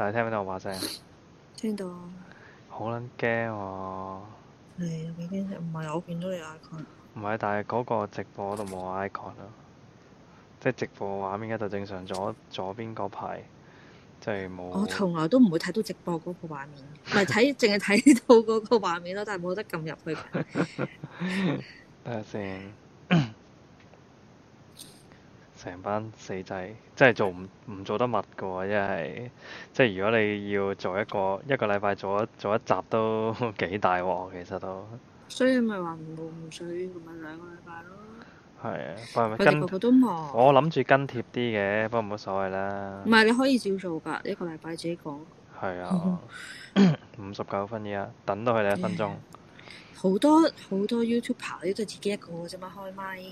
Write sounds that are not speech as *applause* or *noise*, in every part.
但係聽唔聽到我把聲？聽到。好撚驚喎！係又幾驚，唔係我見到你 icon。唔係，但係嗰個直播度冇 icon 咯、啊，即係直播畫面嗰度正常咗左，左邊嗰排，即係冇。我從來都唔會睇到直播嗰個畫面，唔係睇，淨係睇到嗰個畫面咯， *laughs* 但係冇得撳入去。 *laughs* *laughs* 等下先。成班死仔，真係做唔唔做得密嘅喎，真係。即係如果你要做一個一個禮拜做一做一集都幾大喎，其實都。所以咪話唔忙唔水，咪、就是、兩個禮拜咯。係啊，佢哋個個都忙。我諗住跟貼啲嘅，不過冇乜所謂啦。唔係，你可以照做㗎，一個禮拜自己講。係啊，五十九分依家，等到佢哋一分鐘。好多好多 YouTuber 都係自己一個嘅啫嘛，開麥。誒、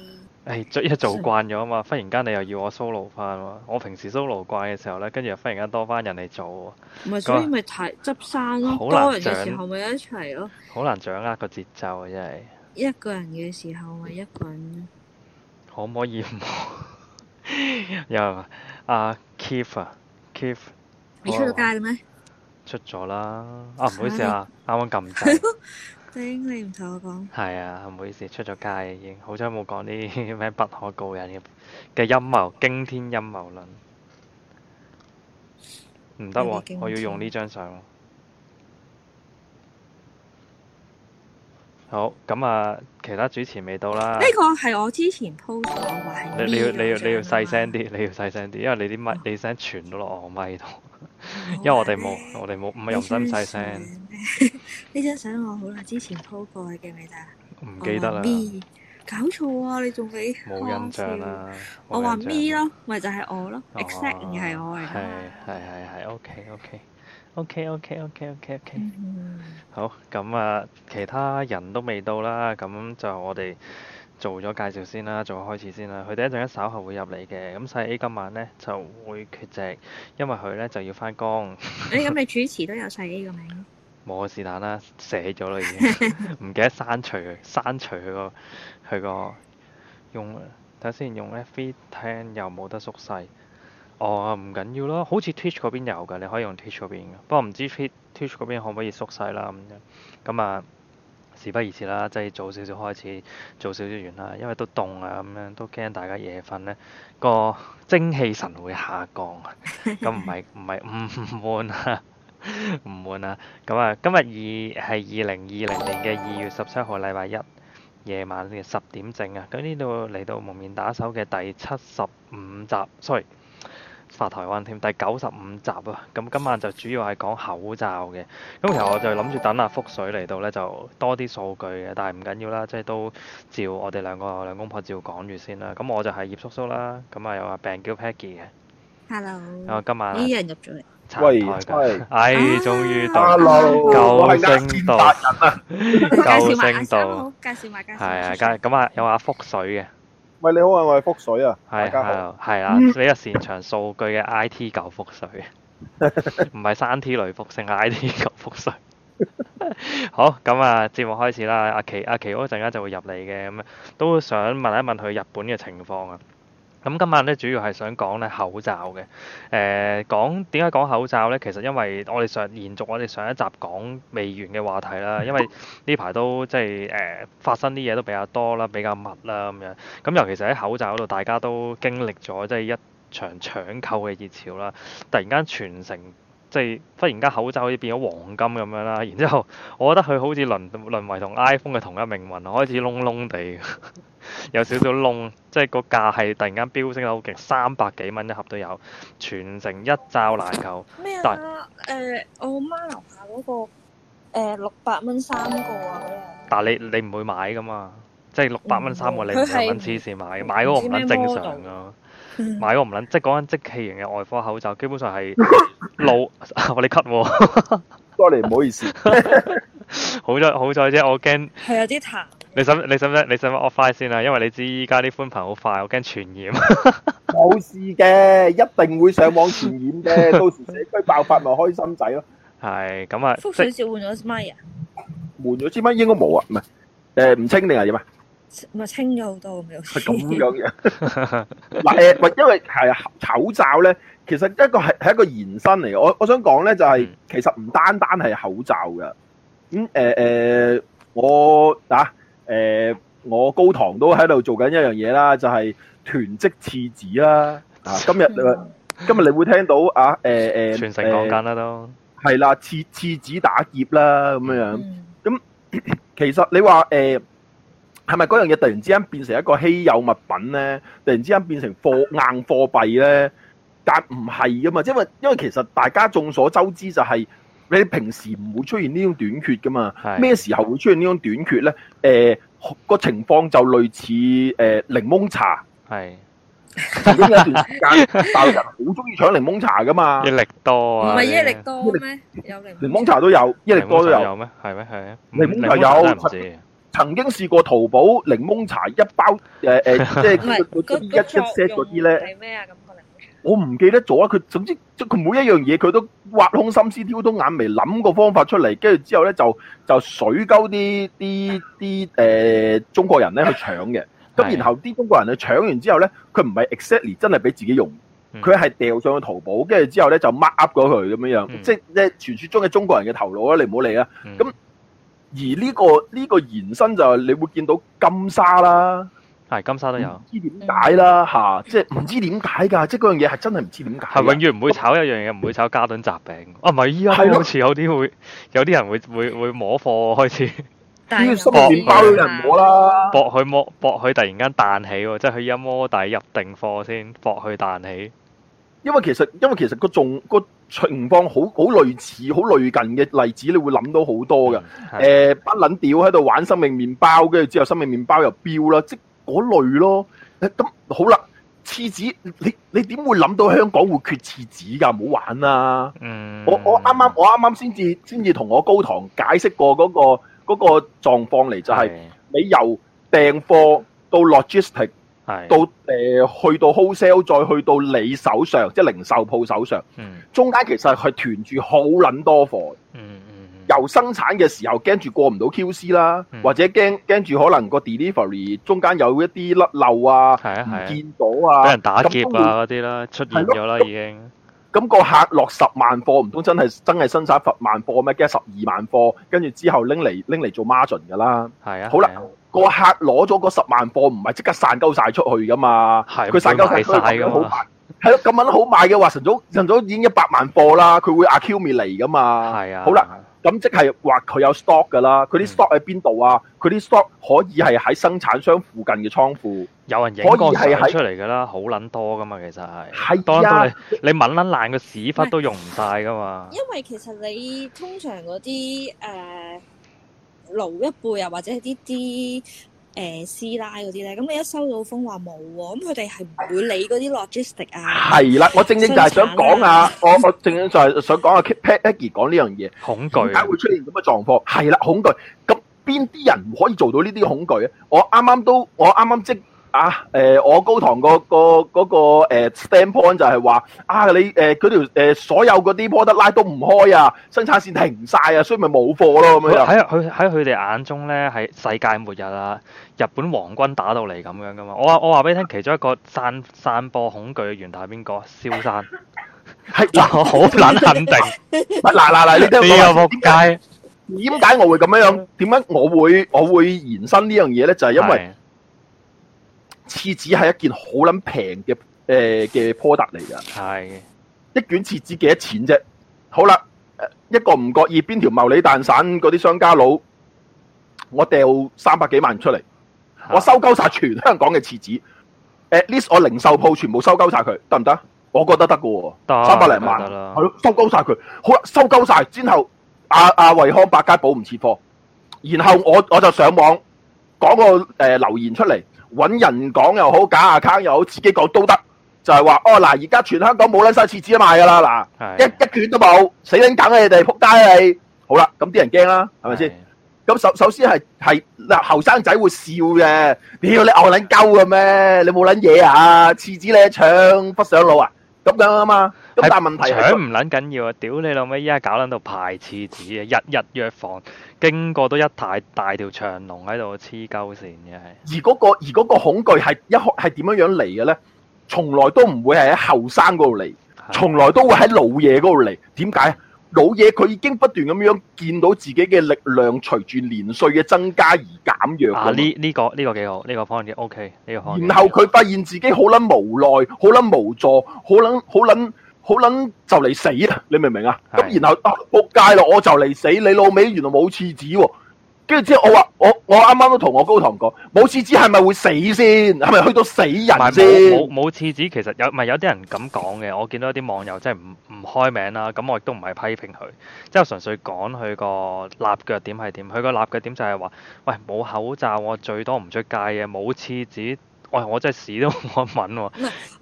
哎，做一做慣咗啊嘛，忽然間你又要我 Solo 翻喎。我平時 Solo 慣嘅時候咧，跟住又忽然間多翻人嚟做。唔係不，那個、所以咪睇執生咯。啊、多人嘅時候咪一齊咯。好難掌握個節奏啊！真係。一個人嘅時候咪一個人。可唔可以有 *laughs* 有有？又阿 Keith 啊，Keith。你出咗街啦咩？出咗啦。啊，唔好意思啊，啱啱撳掣。 *laughs* 你唔同我講係啊，唔好意思，出咗街了，已經好彩冇講啲咩不可告人嘅嘅陰謀，驚天陰謀論。唔得喎，我要用呢張相。好，咁啊，其他主持未到啦。呢個係我之前 po 咗話係呢張相。你要你要你要細聲啲，你要細聲啲，因為你啲咪，你聲傳到落我咪度。因為我哋冇，我哋冇，唔係又唔新唔細聲。呢張相我好耐之前 po 過嘅，你記得？唔記得啦。搞錯啊！你仲俾冇印象啦？我話咪咯，咪就係我咯。except 係我嚟。係係係係，OK OK OK OK OK OK OK。好，咁啊，其他人都未到啦，咁就我哋。做咗介紹先啦，做咗開始先啦。佢哋一陣間稍後會入嚟嘅。咁細 A 今晚咧就會缺席，因為佢咧就要翻工。誒咁，你主持都有細 A 個名？冇啊，是但啦，寫咗啦已經，唔記得刪除，刪除佢個佢個。用睇下先，用 Feed 睇下又冇得縮細。哦，唔緊要咯，好似 Twitch 嗰邊有㗎，你可以用 Twitch 嗰邊。不過唔知 Twitch 嗰邊可唔可以縮細啦咁樣、嗯。咁啊。事不宜遲啦，即係早少少開始，早少少完啦，因為都凍啊，咁樣都驚大家夜瞓咧，個精氣神會下降。咁唔係唔係唔唔悶啊啦，唔 *laughs* 悶啊。咁啊，今日二係二零二零年嘅二月十七號禮拜一夜晚嘅十點整啊。咁呢度嚟到蒙面打手嘅第七十五集，sorry。發台灣添，第九十五集啊！咁今晚就主要係講口罩嘅。咁其實我就諗住等阿福水嚟到咧，就多啲數據嘅。但係唔緊要啦，即係都照我哋兩個兩公婆照講住先啦。咁我就係葉叔叔啦，咁啊又話病叫 Peggy 嘅。Hello。啊，今晚。咦？有人入咗嚟。喂喂。哎，終於到。Hello。救星到。介紹埋。好，介紹埋。係啊，介咁啊，有阿福水嘅。喂，你好啊，我係福水啊，係啊，係啊，比較擅長數據嘅 IT 舊福水，唔係三 T 雷福星，係 IT 舊福水。 *laughs* 好，咁啊，節目開始啦，阿、啊、奇阿、啊、奇嗰陣間就會入嚟嘅，咁啊都想問一問佢日本嘅情況啊。咁今晚咧，主要係想講咧口罩嘅，誒，講點解講口罩咧？其實因為我哋上延續我哋上一集講未完嘅話題啦，因為呢排都即係誒、呃、發生啲嘢都比較多啦，比較密啦咁樣。咁尤其是喺口罩嗰度，大家都經歷咗即係一場搶購嘅熱潮啦，突然間全城。即係忽然間口罩好似變咗黃金咁樣啦，然之後我覺得佢好似淪淪為同 iPhone 嘅同一命運，開始窿窿地， *laughs* 有少少窿。即係個價係突然間飆升得好勁，三百幾蚊一盒都有，全城一罩難求。咩啊？誒但、呃，我媽樓下嗰個六百蚊三個啊，但係你你唔會買噶嘛？即係六百蚊三個你唔揾黐線買，買嗰個唔撚正常啊。買嗰個唔撚，即係講緊即棄型嘅外科口罩，基本上係腦我哋咳，u 多啲唔好意思，好在好在啫，我驚係有啲痰。你使唔你使唔使你使唔使 offline 先啊？因為你知依家啲寬頻好快，我驚傳染。冇 *laughs* 事嘅，一定會上網傳染嘅， *laughs* 到時社區爆發咪開心仔咯。係咁啊！福少少換咗 smart 啊？換咗支咪應該冇啊？唔係誒，唔清定係點啊？咪清咗好多，係咁樣樣嗱，誒，咪因為係口罩咧，其實一個係係一個延伸嚟嘅。我我想講咧就係，其實唔單單係口罩嘅。咁誒誒，我啊，誒、呃，我高堂都喺度做緊一樣嘢啦，就係、是、囤積廁紙啦、啊。今日今日你會聽到啊，誒、呃、誒，全城講緊啦都係、啊、啦，廁廁紙打劫啦咁樣樣。咁、嗯嗯嗯、其實你話誒。呃係咪嗰樣嘢，突然之間變成一個稀有物品咧？突然之間變成貨硬貨幣咧？但唔係噶嘛，因為因為其實大家眾所周知就係你平時唔會出現呢種短缺噶嘛。咩時候會出現呢種短缺咧？誒個情況就類似誒檸檬茶係。嗰段時間，大陸人好中意搶檸檬茶噶嘛？益力多唔係益力多咩？有檸檬檸檬茶都有，益力多都有咩？係咩？係啊，檸檬茶有。曾經試過淘寶檸檬茶一包，誒、呃、誒，即係嗰啲一個一 set 嗰啲咧，係咩啊？咁我唔記得咗。佢總之，佢每一樣嘢，佢都挖空心思、挑通眼眉諗個方法出嚟，跟住之後咧就就水溝啲啲啲誒中國人咧去搶嘅。咁然後啲中國人去搶完之後咧，佢唔係 exactly 真係俾自己用，佢係掉上去淘寶，跟住之後咧就 mark up 咗佢咁樣樣， *laughs* 即係傳説中嘅中國人嘅頭腦啦。你唔好理啦，咁。而呢、呢個呢、呢個延伸就係你會見到金沙啦，係金沙都有，唔知點解啦吓、啊，即係唔知點解㗎，即係嗰樣嘢係真係唔知點解。係永遠唔會炒一樣嘢，唔 *laughs* 會炒加頓雜餅。啊唔係依家好似有啲會，有啲人會會會，會摸貨開始，小 *laughs* *laughs* 心點包咗人摸啦。搏佢摸，搏佢突然間彈起喎，即係佢一摸底入定貨先，搏佢彈起。因為其實因為其實個仲個情況好好類似好類近嘅例子，你會諗到好多㗎。誒的、呃，不撚屌喺度玩生命麵包，跟住之後生命麵包又飆啦，即係嗰類咯。咁、啊、好啦，廁紙，你你點會諗到香港會缺廁紙㗎？唔好玩啦。嗯、我我啱啱我啱啱先至先至同我高堂解釋過嗰、那個嗰、那個狀況嚟、就是，就係的你由訂貨到 logistic。到誒、呃、去到 wholesale，再去到你手上，即係零售鋪手上，嗯、中間其實係囤住好撚多貨嘅、嗯。嗯由嗯，由生產嘅時候驚住過唔到 QC 啦，或者驚驚住可能個 delivery 中間有一啲甩漏、漏啊，唔、啊、見到啊，俾、啊、人打劫啊嗰啲啦，出現咗啦的已經。咁個客落十萬貨，唔通真係真係生產十萬貨咩？梗係十二萬貨，跟住之後拎嚟拎嚟做 margin 噶啦。係啊，好啦，啊、個客攞咗個十萬貨，唔係即刻散鳩晒出去噶嘛。係、啊，佢散鳩晒出去都好賣。係咯、啊，咁、啊、樣好賣嘅話，晨早晨早已經一百萬貨啦，佢會 accumulate 噶嘛。係啊，好啦。咁即係話佢有 stock 噶啦，佢啲 stock 喺邊度啊？佢啲 stock 可以係喺生產商附近嘅倉庫，有人影個相出嚟噶啦，以好撚多噶嘛，其實係。係啊！多你敏撚爛個屎忽都用唔晒噶嘛。因為其實你通常嗰啲誒老一輩啊，或者係啲啲。誒師奶嗰啲咧，咁你一收到風話冇喎，咁佢哋係唔會理嗰啲 logistic 啊。係啦，我正正就係想講下，我我正正就係想講下，Pat Nicky 講呢樣嘢，恐懼點會出現咁嘅狀況？係啦，恐懼，咁邊啲人可以做到呢啲恐懼咧？我啱啱都，我啱啱即。啊！誒，我高堂個個嗰個誒 standpoint 就係話：啊，你誒嗰條誒所有嗰啲波德拉都唔開啊，生產線停晒啊，所以咪冇貨咯咁樣。喺佢喺佢哋眼中咧，係世界末日啊！日本皇軍打到嚟咁樣噶嘛！我我話俾你聽，其中一個散散播恐懼嘅源頭係邊個？蕭山係嗱，我好難肯定。嗱嗱嗱！你你又仆街？點解我會咁樣？點解我會我會延伸呢樣嘢咧？就係因為。廁紙係一件好捻平嘅誒嘅 product 嚟噶，係一卷廁紙幾多錢啫？好啦，一個唔覺意邊條茂利蛋散嗰啲商家佬，我掉三百幾萬出嚟，我收鳩晒全香港嘅廁紙，at least 我零售鋪全部收鳩晒佢得唔得？我覺得得㗎喎，三百零萬，收鳩晒佢，好啦行，收鳩晒之後，阿阿惠康、百佳補唔切貨，然後我我就上網講個誒、呃、留言出嚟。搵人講又好，假 account 又好，自己講都得。就係、是、話，哦嗱，而家全香港冇捻晒廁紙賣噶啦，嗱，是的 一一卷都冇，死捻梗你哋，扑街你。好啦，咁啲人驚啦，係咪先？咁首是的 首先係係嗱，後生仔會笑嘅，屌你牛捻鳩嘅咩？你冇捻嘢啊？廁紙你一搶不上路啊？咁樣啊嘛？咁但係問題搶唔捻緊要啊？屌你老尾，依家搞捻到排廁紙啊，日日約房。經過都一大大條長龍喺度黐鳩線嘅係、那個，而嗰個而個恐懼係一係點樣樣嚟嘅咧？從來都唔會喺後生嗰度嚟，從來都會喺老嘢嗰度嚟。點解？老嘢佢已經不斷咁樣見到自己嘅力量隨住年歲嘅增加而減弱。啊，呢、這、呢個呢、這個幾、這個、好，呢、這個方案 OK，呢個方案。然後佢發現自己好捻無奈，好捻無助，好捻好捻。好撚就嚟死啊！你明唔明是的 啊？咁然後啊仆街咯，我就嚟死！你老味原來冇廁紙喎，跟住之後我話我我啱啱都同我高堂講冇廁紙係咪會死先，係咪去到死人先？冇冇廁紙其實有咪有啲人咁講嘅，我見到有啲網友真係唔唔開名啦。咁我亦都唔係批評佢，即係純粹講佢個立腳點係點。佢個立腳點就係話：喂，冇口罩我最多唔出街嘅，冇廁紙。喂，我真係屎都冇得揾喎。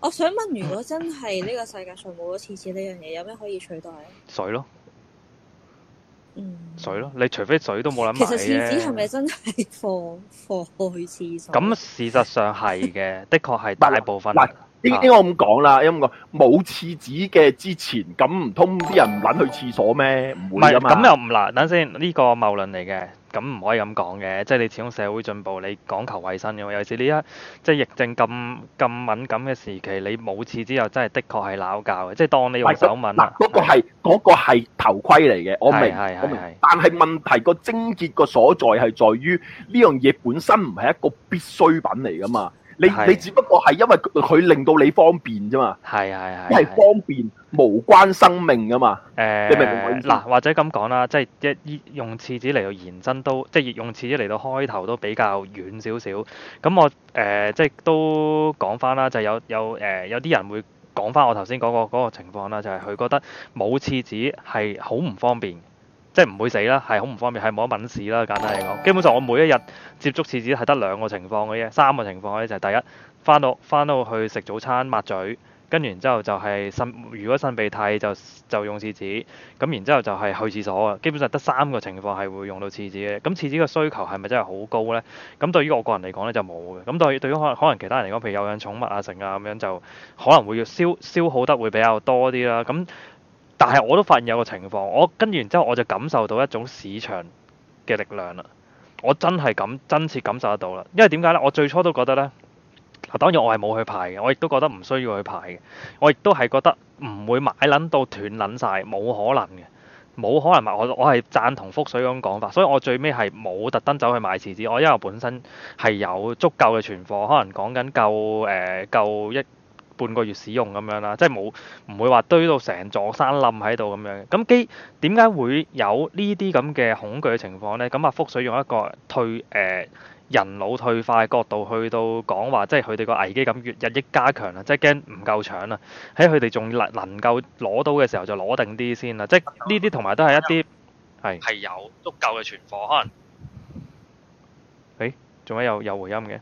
我想問，如果真係呢個世界上冇咗廁紙呢樣嘢， *laughs* 有咩可以取代？水咯，嗯，水咯，你除非水都冇得買。其實廁紙係咪真係放放去廁所？咁事實上係嘅，的確係大部分。嗱， *laughs* 呢呢，我咁講啦，因為我冇廁紙嘅之前，咁唔通啲人唔揾去廁所咩？唔係、啊，咁又唔難。等先，呢、呢個謬論嚟嘅。咁唔可以咁講嘅，即係你始終社會進步，你講求衞生嘅喎。尤其是呢一，即係疫症咁咁敏感嘅時期，你冇刺之後真係的，的確係鬧交嘅，即係當你用手揾嗱，嗰個係嗰個係頭盔嚟嘅，我明，但係問題個症結個所在係在於呢樣嘢本身唔係一個必需品嚟㗎嘛。你是你只不過係因為佢令到你方便啫嘛，係係係，一係方便是是是無關生命噶嘛。誒、呃，你明唔明？嗱、呃，或者咁講啦，即係一用廁紙嚟到延伸都，即係用廁紙嚟到開頭都比較遠少少。咁我誒、呃、即係都講翻啦，就是、有有誒、呃、有啲人會講翻我頭先講個嗰、那個情況啦，就係、是、佢覺得冇廁紙係好唔方便。即係唔會死啦，係好唔方便，係冇得揾事啦。簡單嚟講，基本上我每一日接觸廁紙係得兩個情況嘅啫，三個情況咧就係第一，翻到翻到去食早餐抹嘴，跟住之後就係擤，如果擤鼻涕就就用廁紙，咁然之後就係去廁所啊。基本上得三個情況係會用到廁紙嘅。咁廁紙嘅需求係咪真係好高呢？咁對於我個人嚟講呢，就冇嘅。咁對對於可能，可能其他人嚟講，譬如有養寵物啊成啊咁樣就可能會要消消耗得會比較多啲啦。咁但係我都發現有個情況，我跟完之後我就感受到一種市場嘅力量啦。我真係感真切感受得到啦。因為點解呢？我最初都覺得呢，當然我係冇去排嘅，我亦都覺得唔需要去排嘅，我亦都係覺得唔會買撚到斷撚晒，冇可能嘅，冇可能買。我我係贊同覆水嗰種講法，所以我最尾係冇特登走去買廁紙。我因為我本身係有足夠嘅存貨，可能講緊夠誒夠一。半個月使用咁樣啦，即係冇唔會話堆到成座山冧喺度咁樣。咁基點解會有呢啲咁嘅恐懼嘅情況呢？咁阿福水用一個退誒人腦退化嘅角度去到講話，即係佢哋個危機感越日益加強啦，即係驚唔夠搶啦。喺佢哋仲能能夠攞到嘅時候就攞定啲先啦。即係呢啲同埋都係一啲係係有足夠嘅存貨，可能誒，做咩有有回音嘅？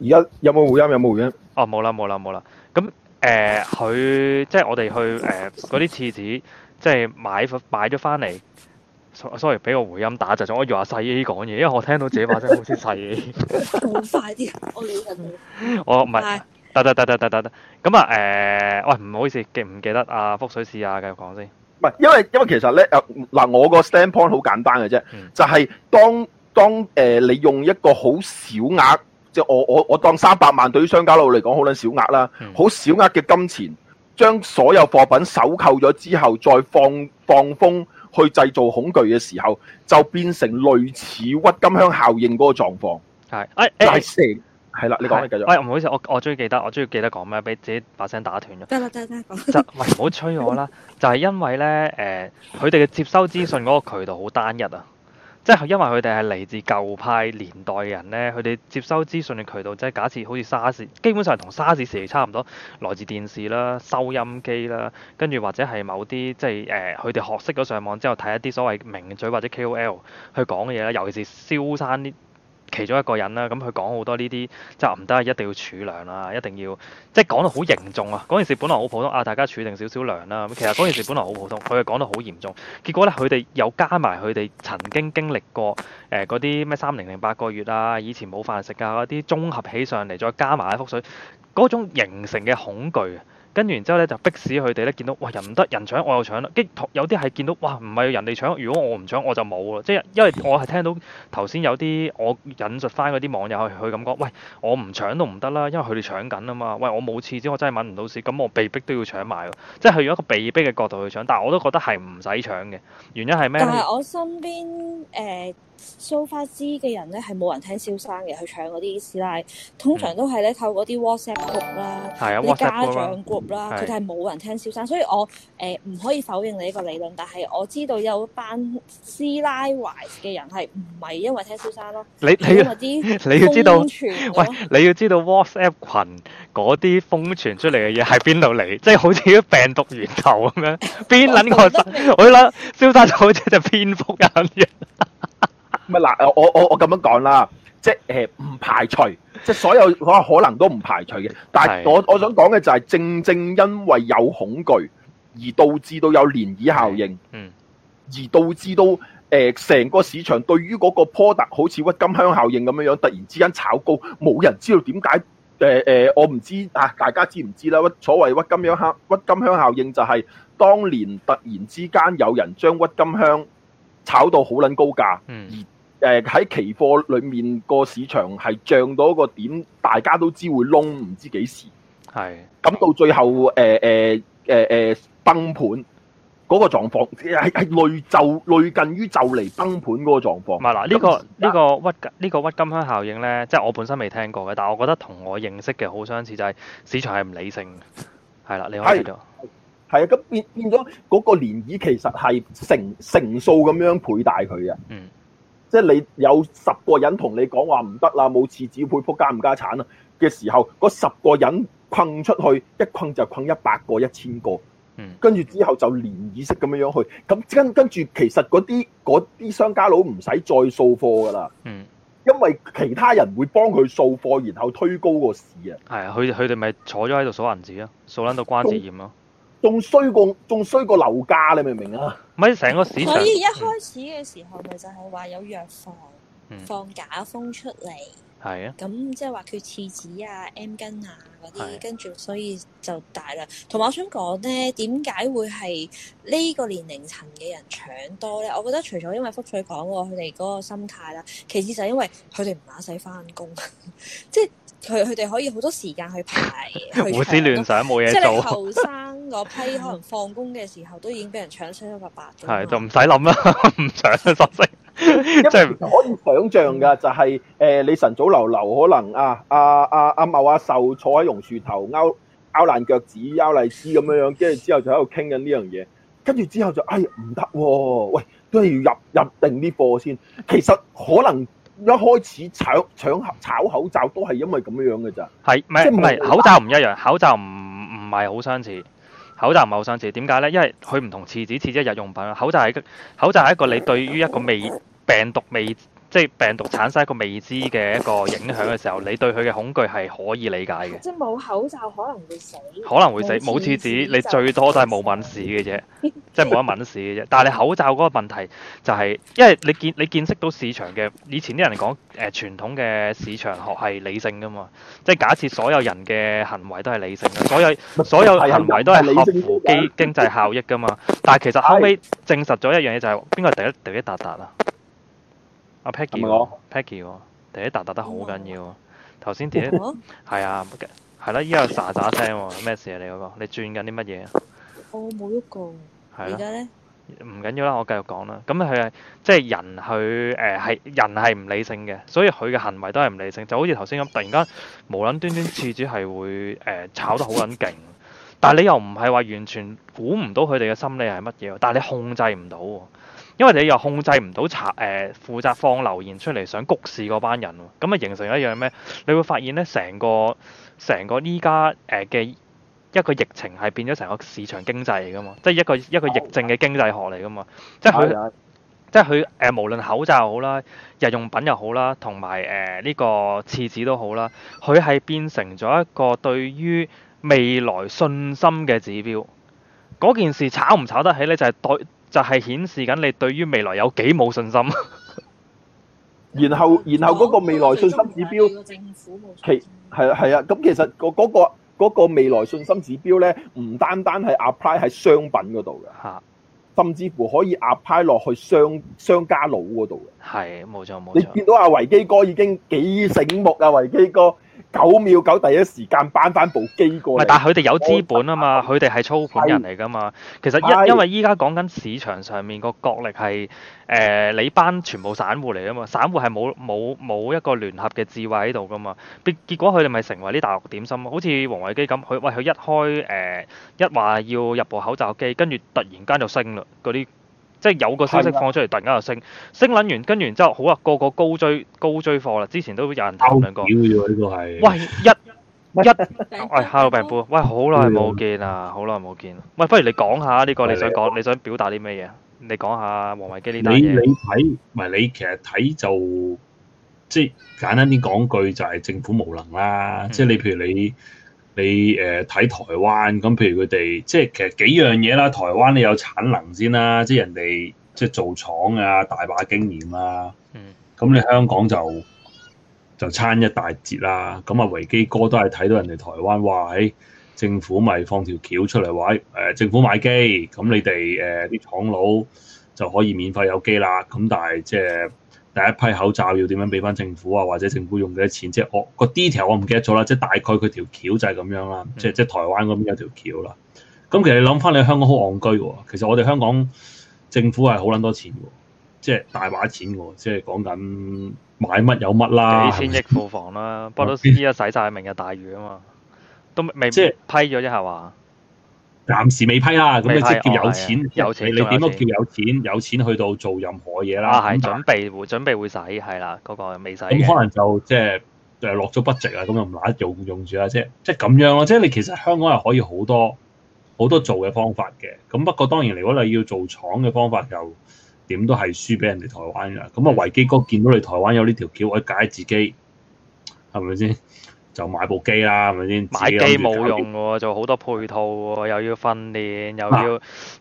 而家有冇回音？有冇回音？哦，冇啦，冇啦，冇、嗯、啦。咁、呃、誒，佢即係我哋去誒嗰啲廁紙，即係買買咗翻嚟。sorry，俾個回音打就仲我以下細 A 講嘢，因為我聽到自己把聲好似細 A。我快啲，我了緊。我唔係，得得得得得得得。咁啊，誒、嗯呃，喂，唔好意思，記唔記得啊？福水市啊，繼續講先。唔係，因為因為其實咧，嗱、呃，我個 standpoint 好簡單嘅啫，就係、係、當當誒，你用一個好小額。呃呃呃呃呃呃呃即係我我我當三百萬對於商家佬嚟講好撚小額啦，好、嗯、小額嘅金錢，將所有貨品收購咗之後，再放放風去製造恐懼嘅時候，就變成類似鬱金香效應嗰個狀況。係，哎哎、就係係啦，你講繼續。哎、唔好意思，我我中意記得，我中意記得講咩，俾自己把聲打斷咗。得啦得啦，喂，唔好催我啦。就係、是、因為咧，誒、呃，佢哋嘅接收資訊嗰個渠道好單一啊。即係因為佢哋係嚟自舊派年代嘅人咧，佢哋接收資訊嘅渠道即係假設好似沙士，基本上係同沙士時期差唔多，來自電視啦、收音機啦，跟住或者係某啲即係誒，呃、佢哋學識咗上網之後睇一啲所謂名嘴或者 KOL 去講嘅嘢啦，尤其是蕭生啲。其中一個人啦，咁佢講好多呢啲，就唔得，一定要儲糧啦，一定要，即係講到好凝重啊！嗰件事本來好普通啊，大家儲定少少糧啦。咁其實嗰件事本來好普通，佢係講到好嚴重。結果咧，佢哋又加埋佢哋曾經經歷過誒嗰啲咩三零零八個月啊，以前冇飯食噶嗰啲，綜合起上嚟再加埋一幅水，嗰種形成嘅恐懼。跟住之後咧，就迫使佢哋咧見到，喂，人唔得，人搶我又搶啦。跟有啲係見到，哇！唔係人哋搶，如果我唔搶我就冇咯。即係因為我係聽到頭先有啲我引述翻嗰啲網友去咁講，喂！我唔搶都唔得啦，因為佢哋搶緊啊嘛。喂！我冇廁紙，我真係揾唔到錢，咁我被逼都要搶埋。即係佢用一個被逼嘅角度去搶，但我都覺得係唔使搶嘅。原因係咩？但係我身邊誒。呃收花枝嘅人咧，係冇人聽蕭生嘅，去唱嗰啲師奶，通常都係咧透過啲 WhatsApp group 啦、mm，啲、hmm. 家長 group 啦、mm，佢哋係冇人聽蕭生，所以我誒唔、呃、可以否認你呢個理論，但係我知道有班師奶懷嘅人係唔係因為聽蕭生咯。你你要知你要知道，喂，你要知道 WhatsApp 群，嗰啲瘋傳出嚟嘅嘢係邊度嚟？即、就、係、是、好似啲病毒源頭咁樣，邊撚個 *laughs* 生？我諗蕭生就好似一隻蝙蝠咁樣。咪嗱、 *noise* 嗯，我我我咁樣講啦，即係誒唔排除，即係所有可可能都唔排除嘅。但係我我想講嘅就係正正因為有恐懼，而導致到有漣漪效應，嗯、而導致到誒成、呃、個市場對於嗰個 product 好似鬱金香效應咁樣樣，突然之間炒高，冇人知道點解誒誒，我唔知啊，大家知唔知啦？所謂鬱金香效鬱金香效應就係當年突然之間有人將鬱金香炒到好撚高價，嗯、而誒喺期貨裏面個市場係漲到一個點，大家都知會窿，唔知幾時係咁。的到最後誒誒誒誒崩盤嗰個狀況係係類就類近於就嚟崩盤嗰個狀況。唔係嗱，呢個呢、呢個呢個屈呢、呢個呢個鬱金香效應咧，即係我本身未聽過嘅，但係我覺得同我認識嘅好相似，就係市場係唔理性嘅，係啦。你可以睇到係啊，咁變變咗嗰個漣漪其實係成成數咁樣配大佢嘅，嗯。即係你有十個人同你講話唔得啦，冇次子配扑家唔家產啊嘅時候，嗰十個人困出去，一困就困一百個、一千個，嗯，跟住之後就連意識咁樣樣去，咁跟跟住其實嗰啲嗰啲商家佬唔使再掃貨噶啦，嗯，因為其他人會幫佢掃貨，然後推高個市啊，係啊、嗯，佢佢哋咪坐咗喺度數銀紙啊，數捻到關節炎咯。仲衰過仲衰過樓價，你明唔明啊？咪成個市場。所以一開始嘅時候，咪、嗯、就係話有藥房放假風出嚟。係啊。咁即係話缺廁紙啊、M 巾啊嗰啲，跟住所以就大啦。同埋我想講咧，點解會係呢個年齡層嘅人搶多咧？我覺得除咗因為福賽講過佢哋嗰個心態啦，其次就係因為佢哋唔乸使翻工，即係。佢佢哋可以好多時間去排，去胡思亂想冇嘢做。即係後生嗰批可能放工嘅時候，都已經俾人搶得七七八八。係都唔使諗啦，唔搶索性。即係可以想像嘅就係、是、誒、 *laughs* 呃，你晨早流流可能啊啊啊啊茂阿壽坐喺榕樹頭勾勾，勾爛腳趾、勾荔枝咁樣樣，跟住之後就喺度傾緊呢樣嘢。跟住之後就哎唔得喎，喂都係要入入，入定啲貨先。其實可能。一開始搶搶炒，炒口罩都係因為咁樣嘅咋，係唔係口罩唔一樣？口罩唔唔係好相似，口罩唔係好相似。點解呢？因為佢唔同廁紙，廁紙日用品。口罩係口罩係一個你對於一個未病毒未。即係病毒產生一個未知嘅一個影響嘅時候，你對佢嘅恐懼係可以理解嘅。即係冇口罩可能會死。可能會死，冇廁紙你最多都係冇敏屎嘅啫， *laughs* 即係冇得敏屎嘅啫。但係你口罩嗰個問題就係，因為你見你見識到市場嘅以前啲人講，誒傳統嘅市場學係理性㗎嘛，即係假設所有人嘅行為都係理性嘅，所有所有行為都係合乎基 *laughs* 經濟效益㗎嘛。但係其實後尾證實咗一樣嘢就係邊個第一第一達達啦。阿 Peggy 喎 Peggy 喎，跌一笪跌得好緊要，頭先跌一，係啊，係啦，依家喳喳聲喎，啊，咩事啊？你嗰，那個，你轉緊啲乜嘢啊？我冇喐過，而家咧唔緊要啦，我繼續講啦。咁啊佢啊，嗯，即係人佢誒係人係唔理性嘅，所以佢嘅行為都係唔理性，就好似頭先咁，突然間無撚端端次主係會誒、呃、炒得好撚勁，但係你又唔係話完全估唔到佢哋嘅心理係乜嘢，但係你控制唔到。因為你又控制唔到查誒負責放流言出嚟想焗市嗰班人喎，咁啊形成一樣咩？你會發現咧，成個成個呢家誒嘅一個疫情係變咗成個市場經濟嚟噶嘛，即係一個一個疫症嘅經濟學嚟噶嘛，即係佢 *music* *music* 即係佢誒無論口罩又好啦，日用品又好啦，同埋誒呢個廁紙都好啦，佢係變成咗一個對於未來信心嘅指標。嗰件事炒唔炒得起咧，就係、是、對。就係顯示緊你對於未來有幾冇信心然，然後然後嗰個未來信心指標，係係啊，咁其，其實，嗰個、嗰個、嗰個未來信心指標咧，唔單單係 apply 喺商品嗰度嘅，甚至乎可以 apply 落去商商家佬嗰度嘅，係冇錯冇錯。錯你見到阿、啊、維基哥已經幾醒目啊，維基哥。九秒九第一時間扳翻部機過，但係佢哋有資本啊嘛，佢哋係操盤人嚟噶嘛。是其實一，是因為依家講緊市場上面個角力係誒、呃、你班全部散戶嚟啊嘛，散戶係冇冇冇一個聯合嘅智慧喺度噶嘛。結果佢哋咪成為啲大陸點心，好似黃維基咁，佢喂佢一開誒、呃、一話要入部口罩機，跟住突然間就升嘞嗰啲。即係有個消息放出嚟，突然間又升，升撚完跟完之後，好啦、啊，個個高追高追貨啦。之前都有人炒兩個。屌要呢個係。喂一一，喂 Hello 病夫，喂好耐冇見啊！好耐冇見。喂，不如你講下呢、呢個喂你想講，你，你想表達啲咩嘢？你講下王維基呢單嘢。你睇，唔係你其實睇就即係簡單啲講句，就係政府無能啦。嗯、即係你譬如你。你誒睇台灣，咁譬如佢哋即係其實幾樣嘢啦。台灣你有產能先啦，即係人哋即係做廠啊，大把經驗啦、啊。咁你香港就就差一大截啦。咁啊，維基哥都係睇到人哋台灣，哇！喺、欸、政府咪放條橋出嚟，話誒、欸、政府買機，咁你哋誒啲廠佬就可以免費有機啦。咁但係即係。第一批口罩要點樣俾翻政府啊？或者政府用幾多錢？即係我個 detail 我唔記得咗啦。即係大概佢條橋就係咁樣啦。嗯、即係即係台灣嗰邊有條橋啦。咁其實你諗翻你香港好昂居喎。其實我哋香港政府係好撚多錢喎。即係大把錢喎。即係講緊買乜有乜啦。幾千億庫房啦、啊， *laughs* 不過都依家洗晒，明日大嶼啊嘛。都未即係批咗一下話。暫時未批啦，咁批你即係叫有錢、哦「有錢，你點都叫有錢，有錢去到做任何嘢啦。啊、哦，係但準，準備會準備會使，係啦，嗰、那個未使。咁可能就即係誒落咗筆值啊，咁就唔甩用用住啦，即係即係咁樣咯。即係你其實香港係可以好多好多做嘅方法嘅，咁不過當然如果你要做廠嘅方法又點都係輸俾人哋台灣㗎。咁啊的，維基哥見到你台灣有呢條橋，可以解自己係咪先？ *laughs* 就買部機啦，係咪先？買機冇用喎，做好多配套喎，又要訓練，啊、又要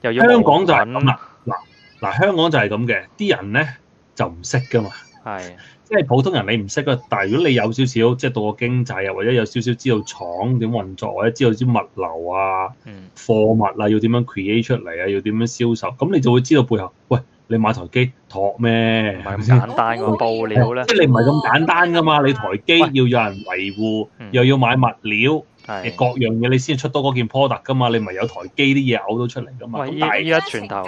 又要香港就係咁啦。嗱嗱、啊，香港就係咁嘅，啲人咧就唔識噶嘛。係，是的 即係普通人你唔識啊。但係如果你有少少，即係到個經濟啊，或者有少少知道廠點運作，或者知道啲物流啊、嗯、貨物啊，要點樣 create 出嚟啊，要點樣銷售，咁你就會知道背後，喂。你買台機托咩？唔係咁簡單個布、哦、料咧，即係、哎、你唔係咁簡單噶嘛。你台機要有人維護，喂又要買物料，係、嗯、各樣嘢，你先出多件 product 噶嘛。你唔係有台機啲嘢嘔到出嚟噶嘛？依家全頭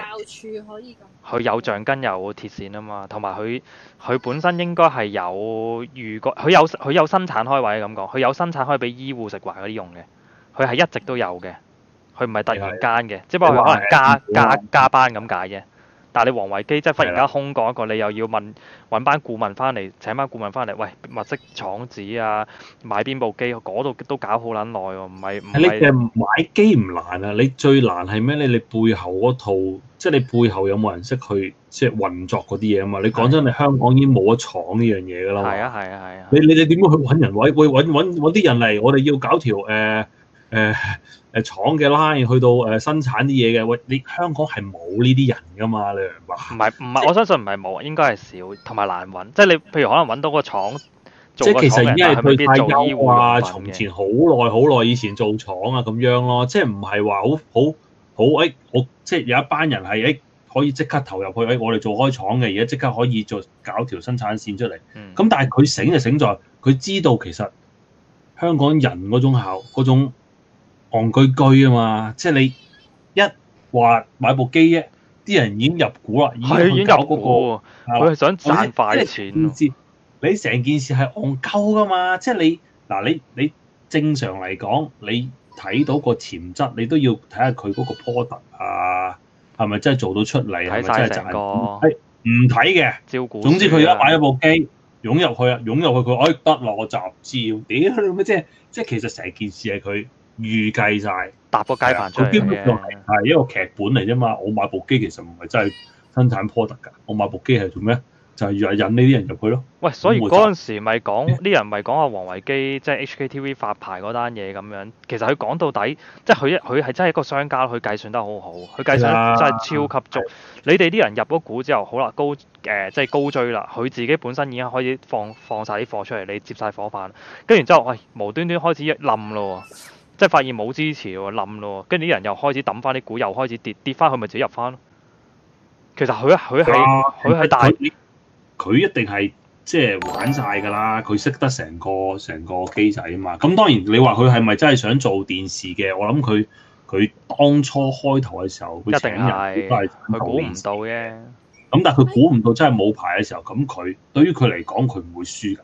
佢有橡筋有鐵線啊嘛。同埋佢佢本身應該係有如果佢有佢有生產開位咁講，佢有生產可以俾醫護食環嗰啲用嘅。佢係一直都有嘅，佢唔係突然間嘅，只不過佢可能加為加加班咁解啫。但係你王維基即係忽然間空講一個，你又要問揾班顧問翻嚟請班顧問翻嚟，喂，物色廠址啊，買邊部機，嗰度都搞好撚耐喎，唔係唔係。你其實買機唔難啊，你最難係咩咧？你背後嗰套，即係你背後有冇人識去即係運作嗰啲嘢啊嘛？你講真，對 你香港已經冇咗廠呢樣嘢㗎啦。係啊係啊係啊！啊啊啊你你你點樣去揾人揾？喂揾揾揾啲人嚟，我哋要搞條誒誒。呃呃呃誒廠嘅拉去到誒、呃、生產啲嘢嘅，餵你香港係冇呢啲人㗎嘛？你明白？唔係唔係，即我相信唔係冇，應該係少，同埋難揾。即係你譬如可能揾到個廠，個廠即係其實而家係佢太優化、啊，從前好耐好耐以前做廠啊咁樣咯。即係唔係話好好好誒？我、哎、即係有一班人係誒、哎、可以即刻投入去誒、哎，我哋做開廠嘅，而家即刻可以做搞條生產線出嚟。咁、嗯、但係佢醒就醒在佢知道其實香港人嗰種效嗰種。戇居居啊嘛！即係你一話買一部機啫，啲人已經入股啦，係已、那個、已經入股。佢係、啊、想賺快錢。唔知你成件事係戇鳩噶嘛？即係你嗱、啊，你你正常嚟講，你睇到個潛質，你都要睇下佢嗰個 product 啊，係咪真係做到出嚟？睇大成個係咪真係賺，係唔睇嘅。照啊、總之佢而家買咗部機，湧入去啊，湧入去佢，哎得咯，集資屌咩？即係即係，其實成件事係佢。預計晒，搭個街棚出嚟嘅係一個劇本嚟啫嘛。我買部機其實唔係真係生產 product 㗎。我買部機係做咩？就係、係、引呢啲人入去咯。喂，所以嗰陣時咪講啲、嗯、人咪講話王維基即係 H K T V 發牌嗰單嘢咁樣。其實佢講到底即係佢一佢係真係一個商家，佢計算得好好，佢計算得真係超級足。嗯、你哋啲人入咗股之後，好啦，高誒、呃、即係高追啦。佢自己本身已經開始放放曬啲貨出嚟，你接晒火棒，跟住之後喂無端端開始一冧咯喎。即係發現冇支持喎，冧咯。跟住啲人又開始揼翻啲股，又開始跌跌翻，佢咪自己入翻咯。其實佢佢係佢係大，佢一定係即係玩晒㗎啦。佢識、啊、得成個成個機仔啊嘛。咁當然你話佢係咪真係想做電視嘅？我諗佢佢當初開頭嘅時候，佢一定係佢估唔到嘅。咁但係佢估唔到真係冇牌嘅時候，咁佢對於佢嚟講，佢唔會輸㗎。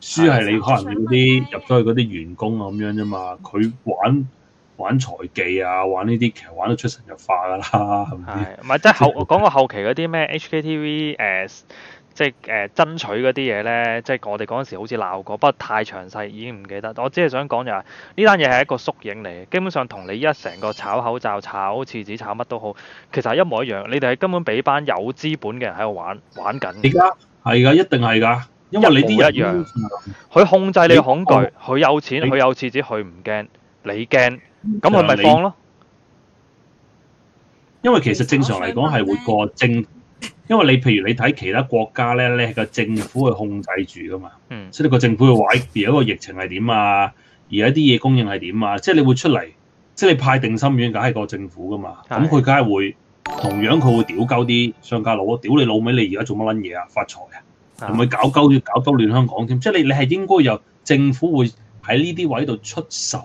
輸係你可能要啲入咗去嗰啲員工啊咁樣啫嘛，佢玩玩財技啊，玩呢啲其實玩得出神入化噶啦，係唔唔係即係後講過後期嗰啲咩 HKTV 誒，即係誒、呃、爭取嗰啲嘢咧，即係我哋嗰陣時好似鬧過，不過太詳細已經唔記得。我只係想講就係呢單嘢係一個縮影嚟，基本上同你一成個炒口罩、炒廁紙、炒乜都好，其實係一模一樣。你哋係根本俾班有資本嘅人喺度玩玩緊。而家係㗎，一定係㗎。因為你啲一,一樣，佢、嗯、控制你嘅恐懼，佢放有錢，佢你有廁紙，佢唔驚，你驚，咁佢咪放咯。因為其實正常嚟講係會過政，因為你譬如你睇其他國家咧，你個政府去控制住噶嘛。嗯、所以你個政府去話，而家個疫情係點啊，而家啲嘢供應係點啊，即係你會出嚟，即係你派定心丸，梗係個政府噶嘛。咁佢梗係會，同樣佢會屌鳩啲商家佬，屌你老味，你而家做乜撚嘢啊，發財啊！唔會搞鳩住搞鳩亂香港添，即係你，你係應該由政府會喺呢啲位度出手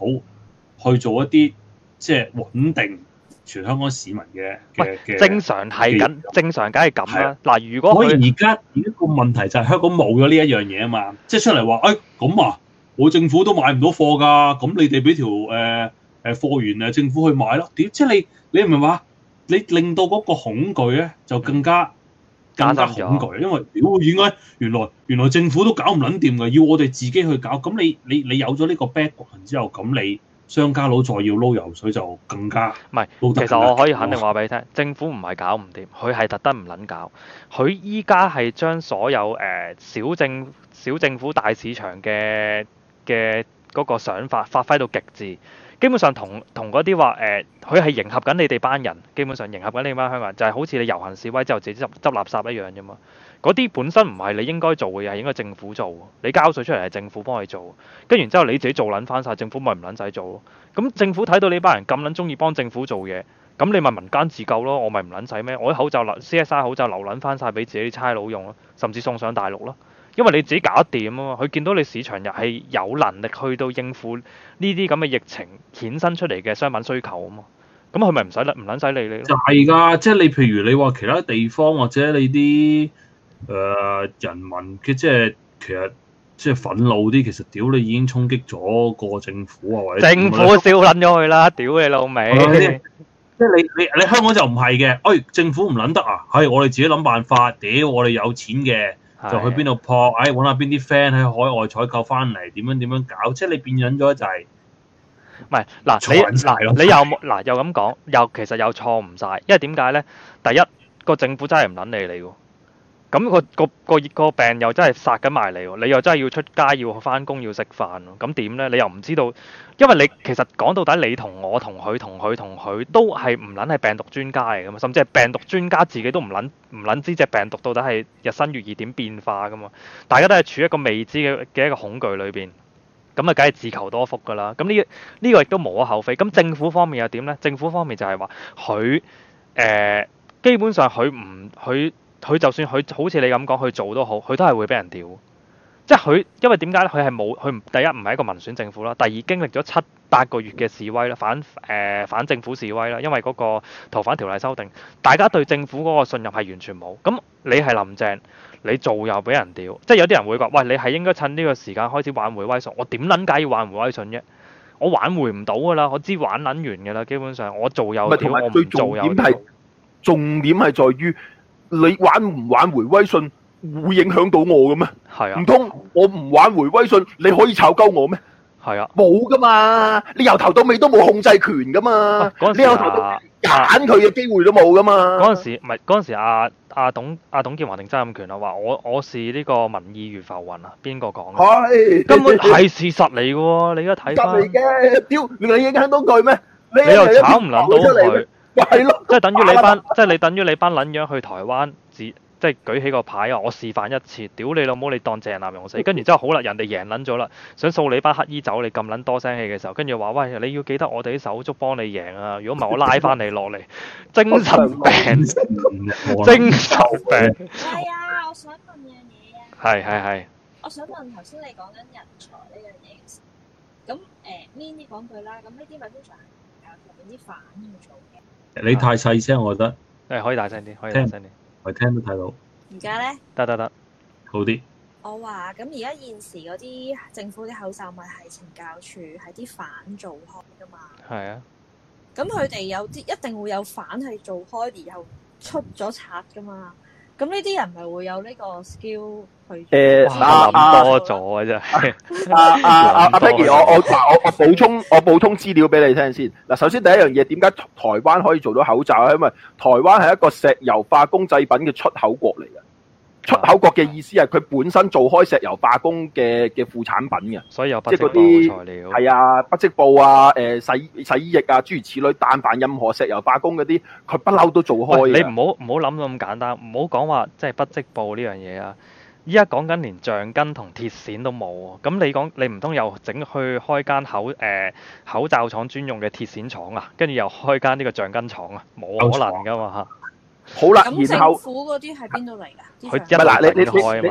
去做一啲即係穩定全香港市民嘅嘅正常係咁，正常梗係咁啦。嗱，如果我而家一個問題就係香港冇咗呢一樣嘢啊嘛，即係出嚟話誒咁啊，我政府都買唔到貨㗎，咁你哋俾條誒誒、呃呃、貨源誒政府去買咯？點即係你，你明唔明啊？你令到嗰個恐懼咧就更加～更加恐懼，因為屌點解原來原來政府都搞唔撚掂嘅？要我哋自己去搞。咁你你你有咗呢個 background 之後，咁你商家佬再要撈油水就更加唔係。其實我可以肯定話俾你聽，政府唔係搞唔掂，佢係特登唔撚搞。佢依家係將所有誒、uh, 小政小政府大市場嘅嘅嗰個想法發揮到極致。基本上同同嗰啲話誒，佢、呃、係迎合緊你哋班人，基本上迎合緊你班香港人，就係、是、好似你遊行示威之後自己執執垃圾一樣啫嘛。嗰啲本身唔係你應該做嘅嘢，應該政府做。你交稅出嚟係政府幫你做，跟然之後你自己做撚翻晒，政府咪唔撚使做咯。咁政府睇到你班人咁撚鍾意幫政府做嘢，咁你咪民間自救咯，我咪唔撚使咩？我啲口罩留 CSI 口罩留撚翻晒俾自己啲差佬用咯，甚至送上大陸咯。因為你自己搞掂啊嘛，佢見到你市場又係有能力去到應付呢啲咁嘅疫情衍生出嚟嘅商品需求啊嘛，咁佢咪唔使撚唔撚使理你咯。就係㗎，即係你譬如你話其他地方或者你啲誒、呃、人民嘅，即係其實即係憤怒啲，其實屌你已經衝擊咗個政府啊或者政府笑撚咗佢啦，屌 *laughs* 你老味！即係你你你香港就唔係嘅，哎，政府唔撚得啊，係我哋自己諗辦法，屌我哋有錢嘅。就去邊度撲？誒、哎，揾下邊啲 friend 喺海外採購翻嚟，點樣點樣搞？即係你變忍咗就係，唔係嗱，錯哂咯，你又嗱又咁講，又，又其實又錯唔晒，因為點解咧？第一個政府真係唔撚理你喎。咁個個個個病又真係殺緊埋嚟你，你又真係要出街、要返工、要食飯，咁點呢？你又唔知道，因為你其實講到底你，你同我同佢同佢同佢都係唔撚係病毒專家嚟噶嘛，甚至係病毒專家自己都唔撚唔撚知隻病毒到底係日新月異點變化噶嘛，大家都係處一個未知嘅嘅一個恐懼裏邊，咁啊，梗係自求多福噶啦。咁呢呢個亦、這個、都無可厚非。咁政府方面又點呢？政府方面就係話佢誒基本上佢唔佢。佢就算佢好似你咁講去做都好，佢都係會俾人屌。即係佢，因為點解咧？佢係冇佢第一唔係一個民選政府啦，第二經歷咗七八個月嘅示威啦，反誒、呃、反政府示威啦，因為嗰個逃犯條例修訂，大家對政府嗰個信任係完全冇。咁你係林鄭，你做又俾人屌。即係有啲人會話：喂，你係應該趁呢個時間開始挽回威信。我點撚解要挽回威信啫？我挽回唔到噶啦，我知玩撚完噶啦，基本上我做又屌我唔做又屌。重點係重點係在於。你玩唔玩回威信會影響到我嘅咩？係啊，唔通我唔玩回威信，你可以炒鳩我咩？係啊，冇噶嘛，你由頭到尾都冇控制權噶嘛，啊時啊、你由頭揀佢嘅機會都冇噶嘛。嗰陣時唔係嗰陣時，阿阿、啊啊、董阿、啊、董建華定曾蔭權啊話我我，我視呢個民意如浮雲啊，邊個講？係、哎、根本係事實嚟嘅喎，你而家睇翻嚟嘅，屌、哎、你影響到佢咩？你又炒唔諗到佢。係咯， *laughs* *laughs* 即係等於你班，即係你等於你班捻樣去台灣，自即係舉起個牌啊！我示範一次，屌你老母，你當鄭南榕死，跟住之後好啦，人哋贏捻咗啦，想掃你班黑衣走，你咁捻多聲氣嘅時候，跟住話喂，你要記得我哋啲手足幫你贏啊！如果唔係，我拉翻你落嚟，精神病，精神病。係啊 *laughs* 病、哎，我想問樣嘢啊。係係係。我想問頭先你講緊人才呢樣嘢咁時候，咁誒，Mandy 講句啦，咁呢啲咪通常係誒入邊啲犯去做嘅。你太細聲，我覺得誒、啊，可以大聲啲，可以大聲啲，我聽都睇到。而家咧，得得得，好啲。我話咁，而家現時嗰啲政府啲口罩咪係懲教處係啲反做開噶嘛？係啊的。咁佢哋有啲一定會有反係做開，然後出咗賊噶嘛。咁呢啲人咪會有呢個 skill 去？誒，我諗多咗真啫？阿阿阿阿 Peggy，我我我我補充，我補充資料俾你聽先。嗱，首先第一樣嘢，點解台灣可以做到口罩？因為台灣係一個石油化工製品嘅出口國嚟嘅。出口國嘅意思係佢本身做開石油化工嘅嘅副產品嘅，所以有即係材料。係啊，不織布啊，誒、呃、洗洗衣液啊，諸如此類，但凡任何石油化工嗰啲，佢不嬲都做開。你唔好唔好諗到咁簡單，唔好講話即係不織布呢樣嘢啊！依家講緊連橡筋同鐵線都冇，啊。咁你講你唔通又整去開間口誒、呃、口罩廠專用嘅鐵線廠啊？跟住又開間呢個橡筋廠啊？冇可能㗎嘛，啊！好啦，咁後政府嗰啲係邊度嚟噶？佢嗱、啊，你、嗯、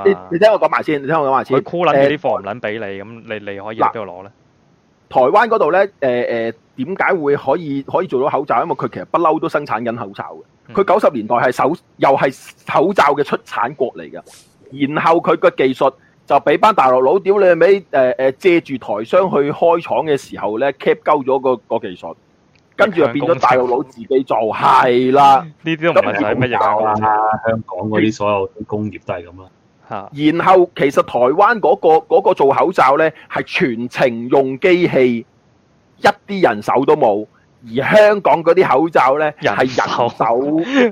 你你你聽我講埋先，你聽我講埋先。佢箍捻嗰啲貨唔捻俾你，咁你你可以入邊度攞咧？台灣嗰度咧，誒、呃、誒，點解會可以可以做到口罩？因為佢其實不嬲都生產緊口罩嘅。佢九十年代係首又係口罩嘅出產國嚟嘅。然後佢個技術就俾班大陸佬屌你咪誒誒，借住台商去開廠嘅時候咧，cap 鳩咗個個技術。跟住就變咗大陸佬自己做，係啦。呢啲都唔係睇乜嘢啦，香港嗰啲所有工業都係咁啦。嚇！然後其實台灣嗰個做口罩咧，係全程用機器，一啲人手都冇。而香港嗰啲口罩咧，又係人手。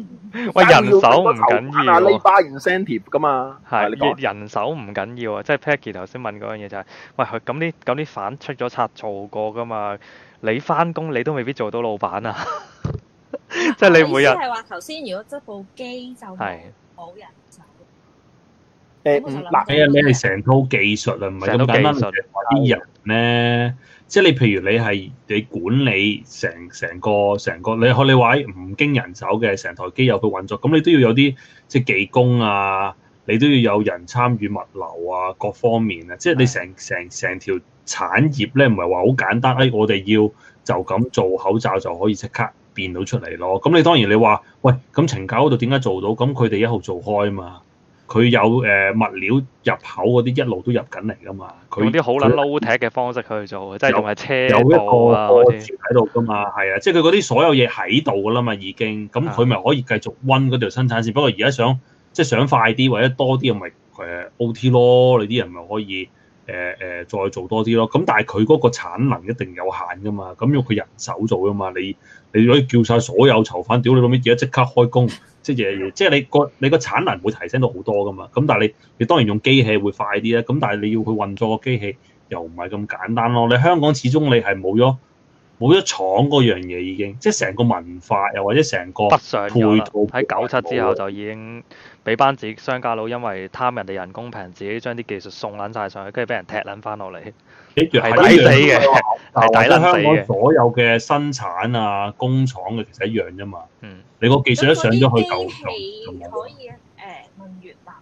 喂，人手唔緊要喎。你要乜嘢？花噶嘛？係你人手唔緊要啊！即係 Peggy 頭先問嗰樣嘢就係：喂，咁啲咁啲反出咗差錯過噶嘛？你翻工你都未必做到老闆啊！即係你每日即係話頭先，如果執部機就係冇人走。誒，嗱，哎呀，你係成套技術啊，唔係咁簡單。啲人咧，即係你譬如你係你管理成成個成個，你學你話喎唔經人手嘅成台機有佢運作，咁你都要有啲即係技工啊，你都要有人參與物流啊，各方面啊，即係你成成成條。產業咧唔係話好簡單，誒、哎、我哋要就咁做口罩就可以即刻變到出嚟咯。咁你當然你話，喂咁懲教嗰度點解做到？咁佢哋一號做開啊嘛，佢有誒、呃、物料入口嗰啲一路都入緊嚟噶嘛。佢用啲好撚撈踢嘅方式去做，它即係同埋車、啊、有，有一個佈置喺度噶嘛。係啊， *laughs* 即係佢嗰啲所有嘢喺度噶啦嘛，已經咁佢咪可以繼續温嗰條生產線。的不過而家想即係想快啲或者多啲，咪、就、誒、是、O T 咯。你啲人咪可以。誒誒、呃，再做多啲咯，咁但係佢嗰個產能一定有限噶嘛，咁要佢人手做噶嘛，你你可以叫晒所有囚犯屌你老味而家即刻開工，即係即係你個你個產能會提升到好多噶嘛，咁但係你你當然用機器會快啲咧，咁但係你要去運作個機器又唔係咁簡單咯，你香港始終你係冇咗冇咗廠嗰樣嘢已經，即係成個文化又或者成個配套喺九七之後就已經。俾班自己商家佬，因為貪人哋人工平，自己將啲技術送撚晒上去，跟住俾人踢撚翻落嚟，住係 *noise* 抵死嘅，係抵撚死嘅。所有嘅生產啊，工廠嘅其實一樣啫嘛。嗯，你個技術一上咗去就唔、嗯、可以誒，問月達。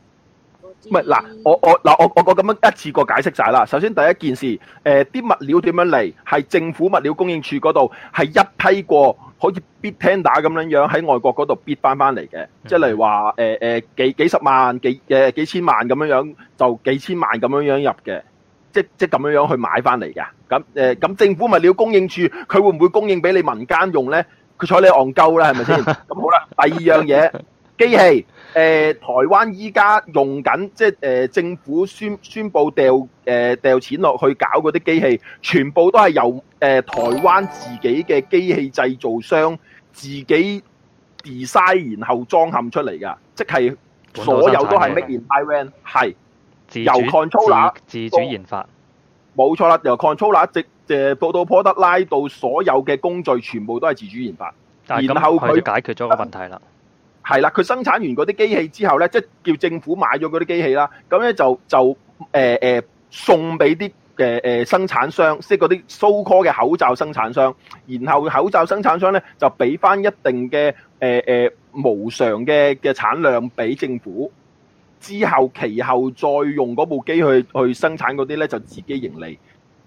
唔係嗱，我我嗱我我咁樣一次過解釋晒啦。首先第一件事，誒、呃、啲物料點樣嚟？係政府物料供應處嗰度係一批過。好似 bit tender 咁樣樣喺外國嗰度 bit 翻翻嚟嘅，即係例如話誒誒幾幾十萬、幾誒幾千萬咁樣樣，就幾千萬咁樣樣入嘅，即即咁樣樣去買翻嚟嘅。咁誒咁政府咪你要供應住，佢會唔會供應俾你民間用咧？佢睬你戇鳩啦，係咪先？咁 *laughs* 好啦，第二樣嘢。機器誒、呃，台灣依家用緊，即係誒、呃，政府宣宣布掉誒，掉、呃、錢落去搞嗰啲機器，全部都係由誒、呃、台灣自己嘅機器製造商自己 design 然後裝嵌出嚟噶即係所有都係 made in Taiwan 係由 controller 自，自主研發，冇錯啦，由 controller 直誒到到 product line 到所有嘅工序，全部都係自主研發，是然後佢解決咗個問題啦。係啦，佢生產完嗰啲機器之後咧，即係叫政府買咗嗰啲機器啦，咁咧就就誒誒、呃呃、送俾啲誒誒生產商，即係嗰啲蘇科嘅口罩生產商，然後口罩生產商咧就俾翻一定嘅誒誒無償嘅嘅產量俾政府，之後其後再用嗰部機去去生產嗰啲咧就自己盈利。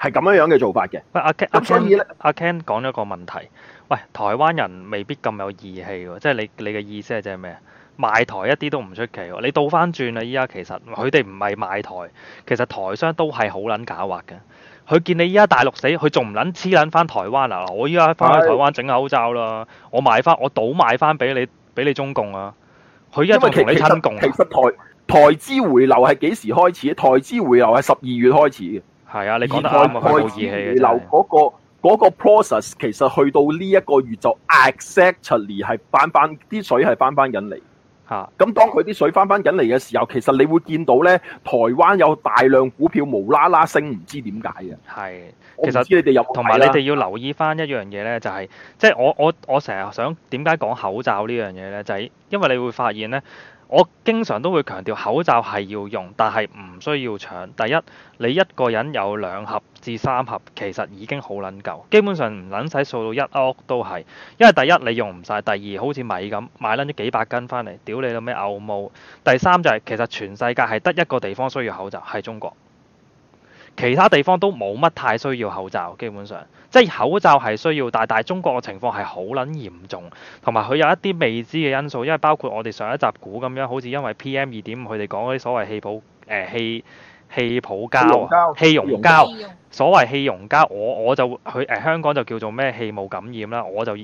係咁樣樣嘅做法嘅。喂、啊，阿、啊啊、Ken，阿、啊、Ken 阿 Ken 講咗個問題。喂，台灣人未必咁有義氣喎，即係你你嘅意思係即係咩？賣台一啲都唔出奇。你倒翻轉啦，依家其實佢哋唔係賣台，其實台商都係好捻狡猾嘅。佢見你依家大陸死，佢仲唔捻黐捻翻台灣嗱、啊？我依家翻去台灣整口罩啦的，我賣翻，我倒賣翻俾你，俾你中共啊！佢依家同你親共其。其實台台資回流係幾時開始？台資回流係十二月開始嘅。係啊，你講得啱啊，佢好熱氣嘅。留嗰個嗰個 process，其實去到呢一個月就 exactly 係翻翻啲水，係翻翻緊嚟。嚇、啊！咁當佢啲水翻翻緊嚟嘅時候，其實你會見到咧，台灣有大量股票無啦啦升，唔知點解嘅。係，其實同埋你哋要留意翻一樣嘢咧，就係即係我我我成日想點解講口罩呢樣嘢咧，就係、是、因為你會發現咧。我經常都會強調口罩係要用，但係唔需要搶。第一，你一個人有兩盒至三盒，其實已經好撚夠，基本上唔撚使掃到一屋都係。因為第一你用唔晒，第二好似米咁買撚咗幾百斤翻嚟，屌你到咩牛毛？第三就係、是、其實全世界係得一個地方需要口罩，係中國。其他地方都冇乜太需要口罩，基本上，即係口罩係需要，但係但係中國嘅情況係好捻嚴重，同埋佢有一啲未知嘅因素，因為包括我哋上一集估咁樣，好似因為 PM 二點五，佢哋講嗰啲所謂氣泡誒氣氣泡膠氣溶膠所謂氣溶膠，我我就佢誒、呃、香港就叫做咩氣霧感染啦，我就。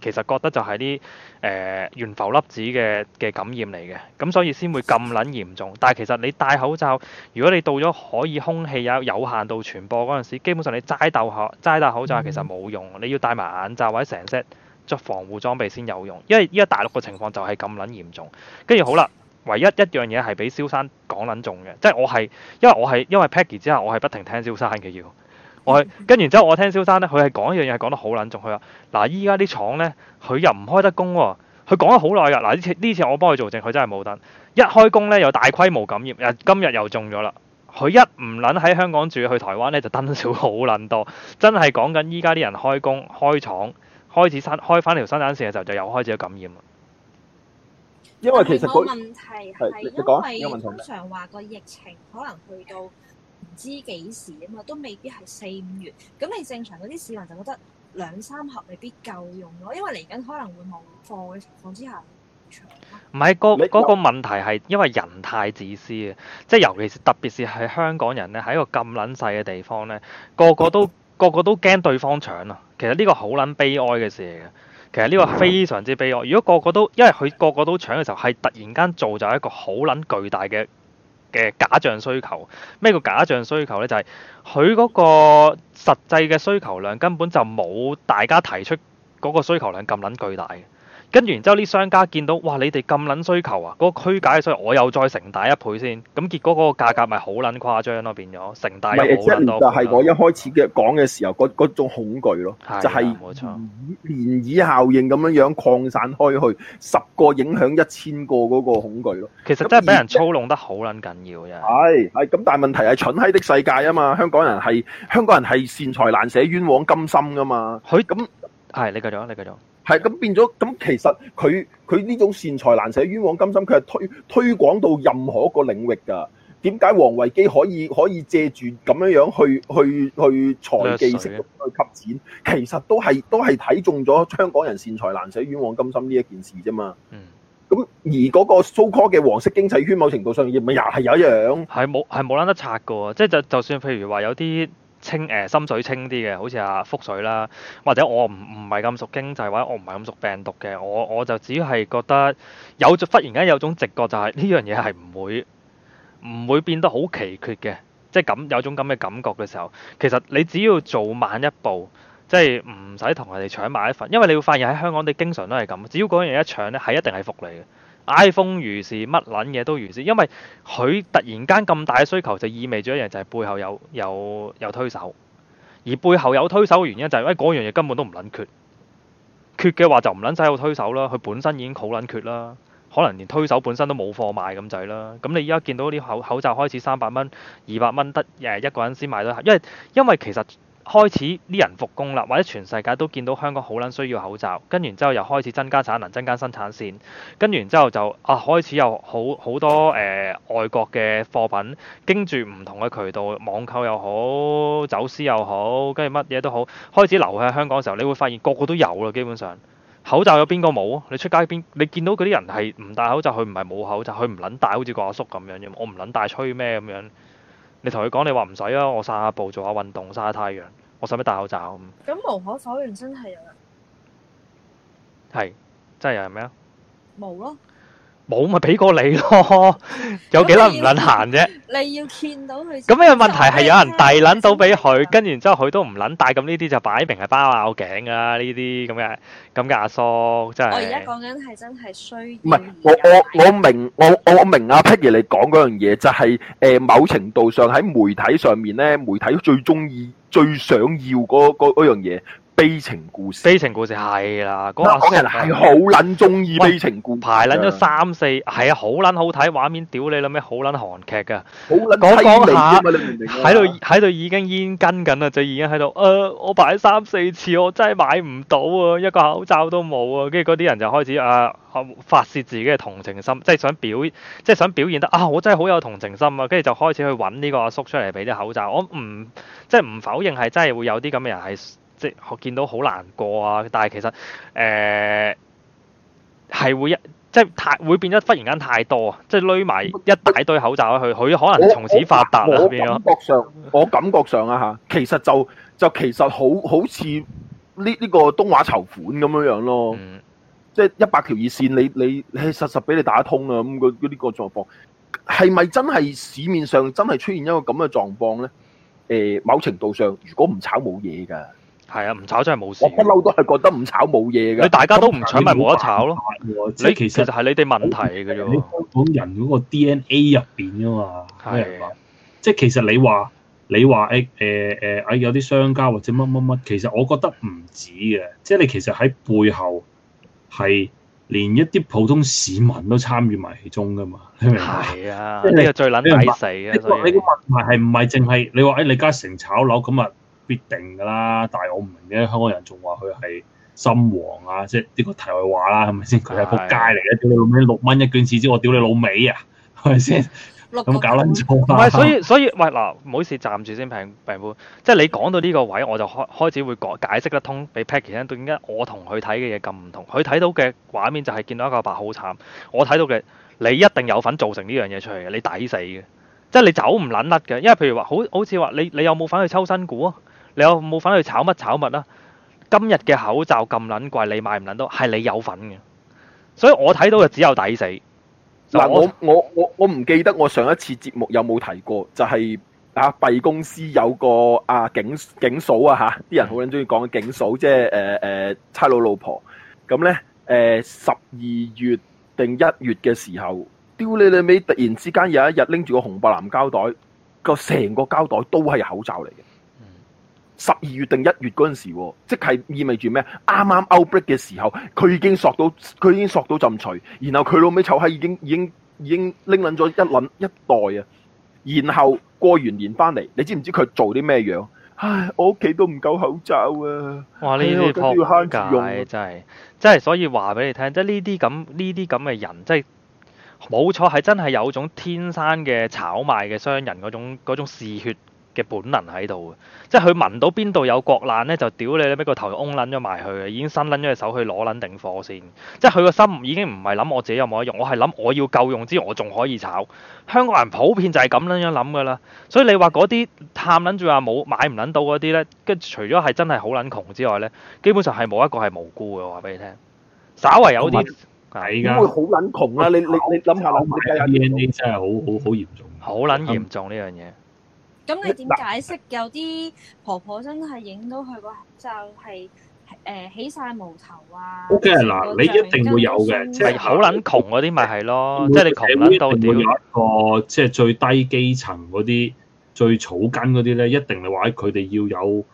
其實覺得就係啲誒懸浮粒子嘅嘅感染嚟嘅，咁所以先會咁撚嚴重。但係其實你戴口罩，如果你到咗可以空氣有有限度傳播嗰陣時，基本上你齋戴口齋戴口罩其實冇用，你要戴埋眼罩或者成 set 作防護裝備先有用。因為依家大陸嘅情況就係咁撚嚴重。跟住好啦，唯一一樣嘢係俾蕭山講撚重嘅，即係我係因為我係因為 Peggy 之後，我係不停聽蕭山嘅要。 *noise* 我跟完之後，我聽蕭生咧，佢係講一樣嘢，係講得好撚重。佢話：嗱，依家啲廠咧，佢又唔開得工。佢講咗好耐㗎。嗱，呢次呢次我幫佢做證，佢真係冇得。一開工咧，又大規模感染。今日又中咗啦。佢一唔撚喺香港住，去台灣咧就登少好撚多。真係講緊依家啲人開工,開,工開廠開始生開翻條生產線嘅時候，就又開始感染。因為其實個問題係因,因,因為通常話個疫情可能去到。唔知幾時啊嘛，都未必係四五月。咁你正常嗰啲市民就覺得兩三盒未必夠用咯，因為嚟緊可能會冇貨嘅情況之下，唔係個個個問題係因為人太自私啊！即係尤其是特別是係香港人咧，喺一個咁撚細嘅地方咧，個個都個個都驚對方搶啊！其實呢個好撚悲哀嘅事嚟嘅。其實呢個非常之悲哀。如果個個都因為佢個個都搶嘅時候，係突然間做就一個好撚巨大嘅。嘅假象需求，咩叫假象需求咧？就係佢嗰個實際嘅需求量根本就冇大家提出嗰個需求量咁撚巨大嘅。跟住然之後，啲商家見到，哇！你哋咁撚需求啊，嗰、那個區解所以，我又再成大一倍先。咁結果嗰個價格咪好撚誇張咯，變咗成大好多。唔就係、是、我一開始嘅講嘅時候，嗰種恐懼咯，啊、就係冇錯，漣漪效應咁樣樣擴散開去，十個影響一千個嗰個恐懼咯。其實真係俾人操弄得好撚緊要嘅。係係咁，但係問題係蠢閪的世界啊嘛！香港人係香港人係善財難捨冤枉甘心噶嘛。佢咁係你繼續，你繼續。係咁變咗，咁其實佢佢呢種善財難捨、冤枉金心，佢係推推廣到任何一個領域㗎。點解王維基可以可以借住咁樣樣去去去財技式去吸錢？其實都係都係睇中咗香港人善財難捨、冤枉金心呢一件事啫嘛。嗯。咁而嗰個 so call 嘅黃色經濟圈，某程度上亦咪又係一樣。係冇係冇撚得拆噶，即係就就算譬如話有啲。清誒、呃、深水清啲嘅，好似阿福水啦，或者我唔唔係咁熟經濟，或者我唔係咁熟病毒嘅，我我就只係覺得有忽然間有種直覺就，就係呢樣嘢係唔會唔會變得好奇缺嘅，即係咁有種咁嘅感覺嘅時候，其實你只要做慢一步，即係唔使同人哋搶買一份，因為你會發現喺香港你經常都係咁，只要嗰樣嘢一搶呢係一定係福利嘅。iPhone 如是，乜撚嘢都如是，因為佢突然間咁大嘅需求，就意味住一樣就係背後有有有推手，而背後有推手嘅原因就係因為嗰樣嘢根本都唔撚缺，缺嘅話就唔撚使有推手啦，佢本身已經好撚缺啦，可能連推手本身都冇貨賣咁滯啦。咁你依家見到啲口口罩開始三百蚊、二百蚊得誒一個人先買得，因為因為其實。開始啲人復工啦，或者全世界都見到香港好撚需要口罩，跟完之後又開始增加產能、增加生產線，跟完之後就啊開始有好好多誒、呃、外國嘅貨品經住唔同嘅渠道，網購又好，走私又好，跟住乜嘢都好，開始流喺香港嘅時候，你會發現個個都有啦，基本上口罩有邊個冇？你出街邊你見到嗰啲人係唔戴口罩，佢唔係冇口罩，佢唔撚戴好似個阿叔咁樣嘅，我唔撚戴吹咩咁樣？你同佢講你話唔使啊，我散下步做下運動曬下太陽。我使唔使戴口罩咁？咁無可否認，真係有人係，真係有人咩啊？冇咯～冇咪俾過你咯，有幾撚唔撚行啫。你要見到佢。咁呢個問題係有人遞撚到俾佢，跟然之後佢都唔撚帶，咁呢啲就擺明係包拗頸啊！呢啲咁嘅咁嘅阿叔，真係。我而家講緊係真係需要。唔係，我我我明，我我我明阿 Peter 你講嗰樣嘢，就係誒某程度上喺媒體上面咧，媒體最中意、最想要嗰嗰嗰樣嘢。悲情故事，悲情故事係啦，嗰個阿叔係好捻中意悲情故事，排捻咗三四，係啊，好捻好睇，畫面屌你啦咩，好捻韓劇噶，講講下，喺度喺度已經煙跟緊啦，就已經喺度，誒、呃，我排三四次，我真係買唔到啊，一個口罩都冇啊，跟住嗰啲人就開始啊、呃、發泄自己嘅同情心，即係想表，即係想表現得啊，我真係好有同情心啊，跟住就開始去搵呢個阿叔出嚟畀啲口罩，我唔，即係唔否認係真係會有啲咁嘅人係。即係我見到好難過啊！但係其實誒係、呃、會一即係太會變咗忽然間太多啊！即係攞埋一大堆口罩去，佢我可能從此發達啊！感覺上我感覺上啊嚇， *laughs* 其實就就其實好好似呢呢個東華籌款咁樣樣咯。嗯、即係一百條熱線你，你你你實實俾你打通啊！咁啲個狀況係咪真係市面上真係出現一個咁嘅狀況咧？誒、呃，某程度上，如果唔炒冇嘢㗎。係啊，唔炒真係冇事。我不嬲都係覺得唔炒冇嘢嘅。你大家都唔搶咪冇得炒咯。你其實就係你哋問題嘅啫喎。香港人嗰個 DNA 入邊噶嘛，啱唔啱？係啊，即係其實你話你話誒誒誒有啲商家或者乜乜乜，其實我覺得唔止嘅。即係你其實喺背後係連一啲普通市民都參與埋其中噶嘛，你明唔明啊？係啊，呢個最撚抵死啊！所以呢個呢個問題係唔係淨係你話誒李嘉誠炒樓咁啊？必定噶啦，但係我唔明嘅。香港人仲話佢係深黃啊，即係呢個題外話啦，係咪先？佢係仆街嚟嘅，屌你老味六蚊一卷紙，知我屌你老味啊，係咪先？咁搞撚錯，唔係 *laughs* 所以所以喂，嗱，唔好意思站住先平平夫。即係你講到呢個位，我就開開始會解解釋得通俾 Patrick 聽，點解我同佢睇嘅嘢咁唔同？佢睇到嘅畫面就係見到一個阿伯好慘，我睇到嘅你一定有份做成呢樣嘢出嚟嘅，你抵死嘅，即係你走唔撚甩嘅，因為譬如話好好似話你你，你有冇份去抽新股啊？你有冇份去炒乜炒乜啦？今日嘅口罩咁撚貴，你買唔撚到，係你有份嘅，所以我睇到就只有抵死。嗱，我我我唔記得我上一次節目有冇提過，就係、是、啊，敝公司有個啊警警嫂啊吓，啲人好撚中意講警嫂，即係誒誒差佬老婆。咁呢，誒十二月定一月嘅時候，丟你你面突然之間有一日拎住個紅白藍膠袋，個成個膠袋都係口罩嚟嘅。十二月定一月嗰陣時，即係意味住咩？啱啱 outbreak 嘅時候，佢已經索到佢已經索到浸除，然後佢老尾就係已經已經已經拎撚咗一撚一袋啊！然後過完年翻嚟，你知唔知佢做啲咩樣？唉，我屋企都唔夠口罩啊！哇，呢啲破解、就是、真係真係，所以話俾你聽，即係呢啲咁呢啲咁嘅人，即係冇錯係真係有種天生嘅炒賣嘅商人嗰種嗰種嗜血。嘅本能喺度嘅，即係佢聞到邊度有國難咧，就屌你咧，俾個頭嗡撚咗埋去嘅，已經伸撚咗隻手去攞撚定貨先。即係佢個心已經唔係諗我自己有冇得用，我係諗我要夠用之後，我仲可以炒。香港人普遍就係咁撚樣諗噶啦。所以你話嗰啲探撚住話冇買唔撚到嗰啲咧，跟除咗係真係好撚窮之外咧，基本上係冇一個係無辜嘅。我話俾你聽，稍為有啲係問啊，會好撚窮啦。你你你諗下，諗真係好好好嚴重，好撚嚴重呢樣嘢。咁你點解釋有啲婆婆真係影到佢個口罩係誒起晒毛頭啊？O K，嗱，你一定會有嘅，即係好撚窮嗰啲，咪係咯，即係你窮撚到屌。一定會有一個即係最低基層嗰啲，最草根嗰啲咧，一定你話佢哋要有，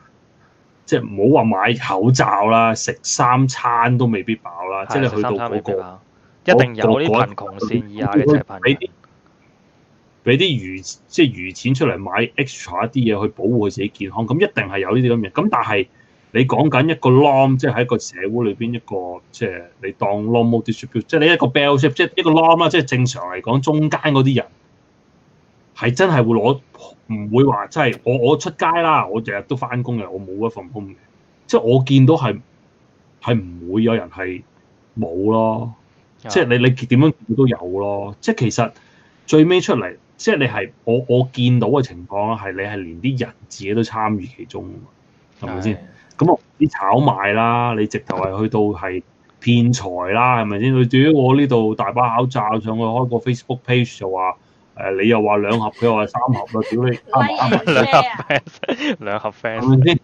即係唔好話買口罩啦，食三餐都未必飽啦，即係你去到嗰個一定有啲貧窮線以下嘅貧窮。俾啲餘即係餘錢出嚟買 extra 一啲嘢去保護佢自己健康，咁一定係有呢啲咁嘅。咁但係你講緊一個 norm，即係喺個社會裏邊一個即係你當 normal distribute 即係你一個 bell shape 即係一個 norm 啦。即係正常嚟講，中間嗰啲人係真係會攞，唔會話即係我我出街啦，我日日都翻工嘅，我冇一份工嘅。即係我見到係係唔會有人係冇咯，的即係你你點樣都有咯。即係其實最尾出嚟。即係你係我我見到嘅情況啦，係你係連啲人自己都參與其中，係咪先？咁啊啲炒賣啦，你直頭係去到係騙財啦，係咪先？佢對於我呢度大把口罩上去開個 Facebook page 就話誒，你又話兩盒，佢又話三盒啦，屌你三盒兩盒 fans，兩盒 fans 係咪先？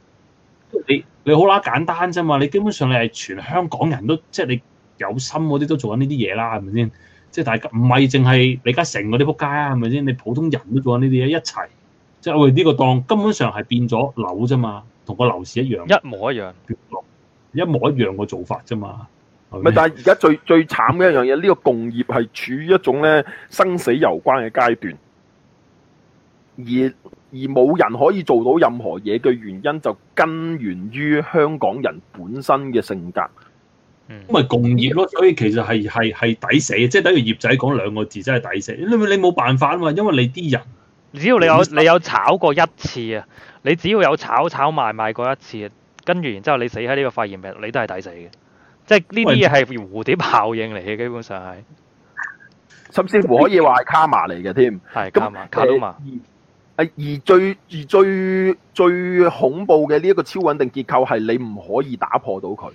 你你好撚簡單啫嘛！你基本上你係全香港人都即係你有心嗰啲都做緊呢啲嘢啦，係咪先？即係大家唔係淨係李嘉誠嗰啲仆街啊，係咪先？你普通人都做呢啲嘢一齊，即係喂呢個檔根本上係變咗樓啫嘛，同個樓市一樣，一模一樣，一模一樣嘅做法啫嘛。唔係，但係而家最最慘嘅一樣嘢，呢個共業係處於一種咧生死攸關嘅階段，而而冇人可以做到任何嘢嘅原因，就根源於香港人本身嘅性格。咁咪、嗯、共業咯，所以其實係係係抵死，即、就、係、是、等於葉仔講兩個字，真係抵死。你你冇辦法啊嘛，因為你啲人，只要你有失你有炒過一次啊，你只要有炒炒賣賣過一次，跟住然之後你死喺呢個肺炎病，你都係抵死嘅。即係呢啲嘢係蝴蝶效應嚟嘅，基本上係，為甚至乎可以話係卡瑪嚟嘅添。係卡瑪那卡多瑪。而最而最最，最恐怖嘅呢一個超穩定結構係你唔可以打破到佢。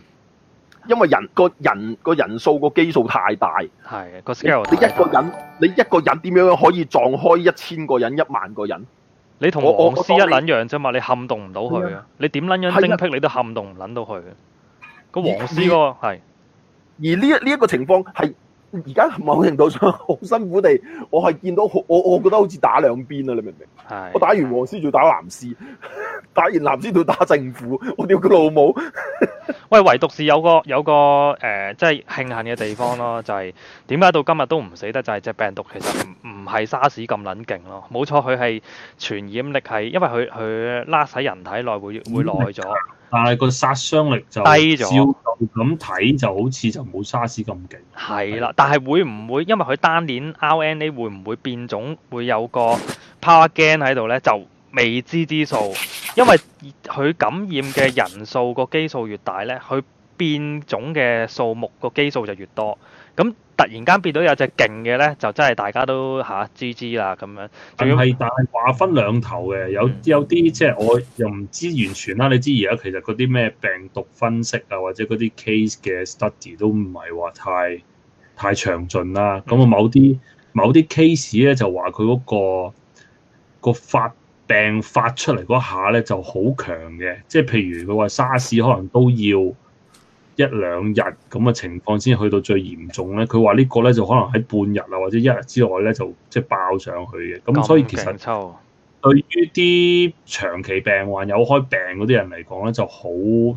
因為人，人個人個人數個基數太大，係個 scale。你一個人你一個人點樣可以撞開一千個人一萬個人？你同我黃絲一撚樣啫嘛？你撼動唔到佢，的你點撚樣，樣精闢你都撼動唔撚到佢。個的黃絲個係，的的而呢一呢一個情況係而家某程度上好辛苦地，我係見到我我覺得好似打兩邊啊！你明唔明？的我打完黃絲仲要打藍絲。打完南天度打政府，我屌佢老母！ *laughs* 喂，唯獨是有個有個誒，即係慶幸嘅地方咯，就係點解到今日都唔死得，就係、是、隻病毒其實唔唔係沙士咁撚勁咯。冇錯，佢係傳染力係，因為佢佢拉喺人體內會會耐咗、嗯，但係個殺傷力就低咗。照咁睇就好似就冇沙士咁勁係啦。啦但係會唔會因為佢單鏈 R N A 會唔會變種，會有個 power gain 喺度咧？就未知之數。因為佢感染嘅人數個基數越大咧，佢變種嘅數目個基數就越多。咁突然間變到有隻勁嘅咧，就真係大家都嚇知知啦咁樣。係，但係話分兩頭嘅，有有啲即係我又唔知完全啦。你知而家其實嗰啲咩病毒分析啊，或者嗰啲 case 嘅 study 都唔係話太太詳盡啦。咁啊，某啲某啲 case 咧就話佢嗰個個發病發出嚟嗰下咧就好強嘅，即係譬如佢話沙士可能都要一兩日咁嘅情況先去到最嚴重咧。佢話呢個咧就可能喺半日啊或者一日之內咧就即係爆上去嘅。咁所以其實對於啲長期病患有開病嗰啲人嚟講咧就好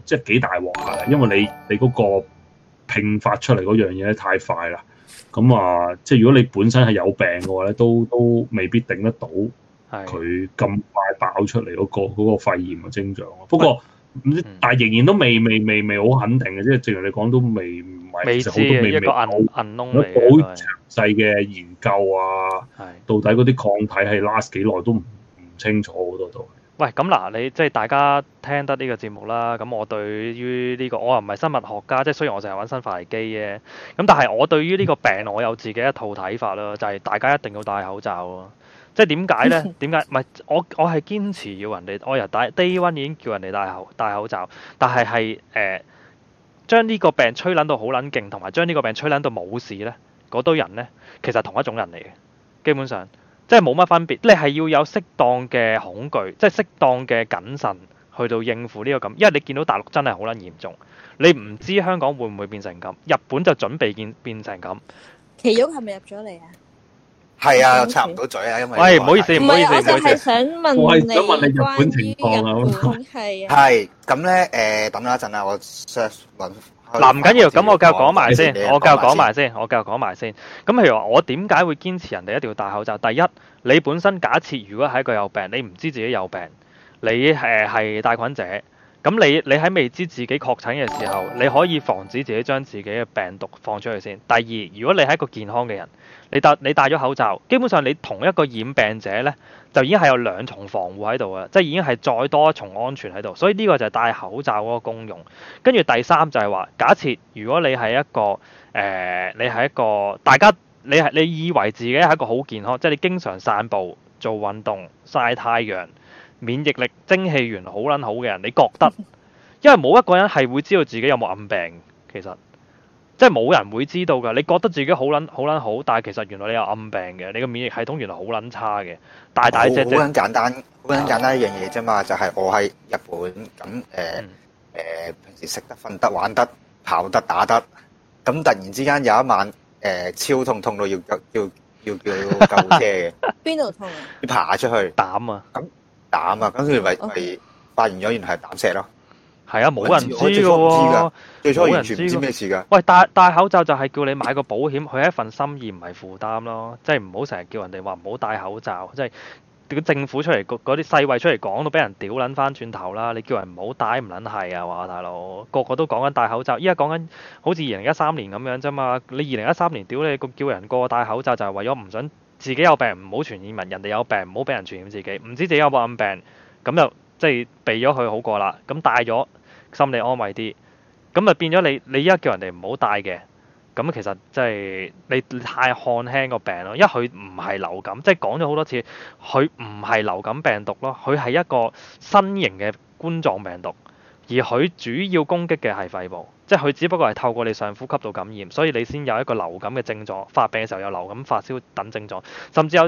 即係幾大鑊嘅，因為你你嗰個併發出嚟嗰樣嘢太快啦。咁啊，即係如果你本身係有病嘅話咧，都都未必頂得到。佢咁快爆出嚟嗰個肺炎嘅症狀咯，不過 1、嗯、但係仍然都未未未未好肯定嘅，即係正如你講都未唔係，其實好多未未冇好詳細嘅研究啊，到底嗰啲抗體係 last 幾耐都唔清楚好多都。喂，咁嗱，你即係大家聽得呢個節目啦，咁我對於呢個我又唔係生物學家，即係雖然我成日玩生化危機啫，咁但係我對於呢個病我有自己一套睇法啦，就係大家一定要戴口罩咯。 即係點解呢？點解唔係我？我係堅持要人哋，我由戴 day one 已經叫人哋戴口戴口罩，但係係誒，將、呃、呢個病吹捻到好捻勁，同埋將呢個病吹捻到冇事呢。嗰堆人呢，其實同一種人嚟嘅，基本上即係冇乜分別。你係要有適當嘅恐懼，即係適當嘅謹慎去到應付呢個咁，因為你見到大陸真係好捻嚴重，你唔知香港會唔會變成咁？日本就準備變變成咁。奇勇係咪入咗嚟啊？係啊，插唔到嘴啊，因為喂，唔好意思，唔好意思，唔好意思。我係想問你關於日本情況，係啊，係咁咧，誒，等一陣啊，我 search 搵嗱。唔緊要，咁我繼續講埋先，我繼續講埋先，我繼續講埋先。咁譬如話，我點解會堅持人哋一定要戴口罩？第一，你本身假設如果係一個有病，你唔知自己有病，你係係帶菌者，咁你你喺未知自己確診嘅時候，你可以防止自己將自己嘅病毒放出去先。第二，如果你係一個健康嘅人。你戴你戴咗口罩，基本上你同一個染病者呢，就已經係有兩重防護喺度嘅，即係已經係再多一重安全喺度。所以呢個就係戴口罩嗰個功用。跟住第三就係話，假設如果你係一個誒、呃，你係一個大家，你係你以為自己係一個好健康，即係你經常散步、做運動、曬太陽，免疫力、精氣源好撚好嘅人，你覺得，因為冇一個人係會知道自己有冇暗病，其實。即係冇人會知道㗎，你覺得自己好撚好撚好，好，但係其實原來你有暗病嘅，你個免疫系統原來好撚差嘅，大大隻隻好撚簡單，好撚簡單一樣嘢啫嘛，就係、是、我喺日本咁誒誒，呃嗯、平時食得瞓得玩得跑得打得，咁突然之間有一晚誒、呃、超痛痛到要要要叫救，救車嘅。邊度痛？要爬出去膽啊！咁膽啊！咁所以咪發現咗原來係、哦、膽石咯。係啊，冇人知嘅喎，冇人知咩事㗎。喂，戴戴口罩就係叫你買個保險，佢係一份心意，唔係負擔咯。即係唔好成日叫人哋話唔好戴口罩。即係政府出嚟，嗰啲世衞出嚟講到俾人屌撚翻轉頭啦。你叫人唔好戴唔撚係啊，話大佬，個個都講緊戴口罩。依家講緊好似二零一三年咁樣啫嘛。你二零一三年屌你叫人個個戴口罩就係為咗唔想自己有病唔好傳染人，人哋有病唔好俾人傳染自己。唔知自己有冇暗病，咁就即係避咗佢好過啦。咁戴咗。心理安慰啲，咁咪變咗你你依家叫人哋唔好戴嘅，咁其實即係你,你太看輕個病咯。因為佢唔係流感，即係講咗好多次，佢唔係流感病毒咯，佢係一個新型嘅冠狀病毒，而佢主要攻擊嘅係肺部，即係佢只不過係透過你上呼吸道感染，所以你先有一個流感嘅症狀，發病嘅時候有流感發燒等症狀，甚至有。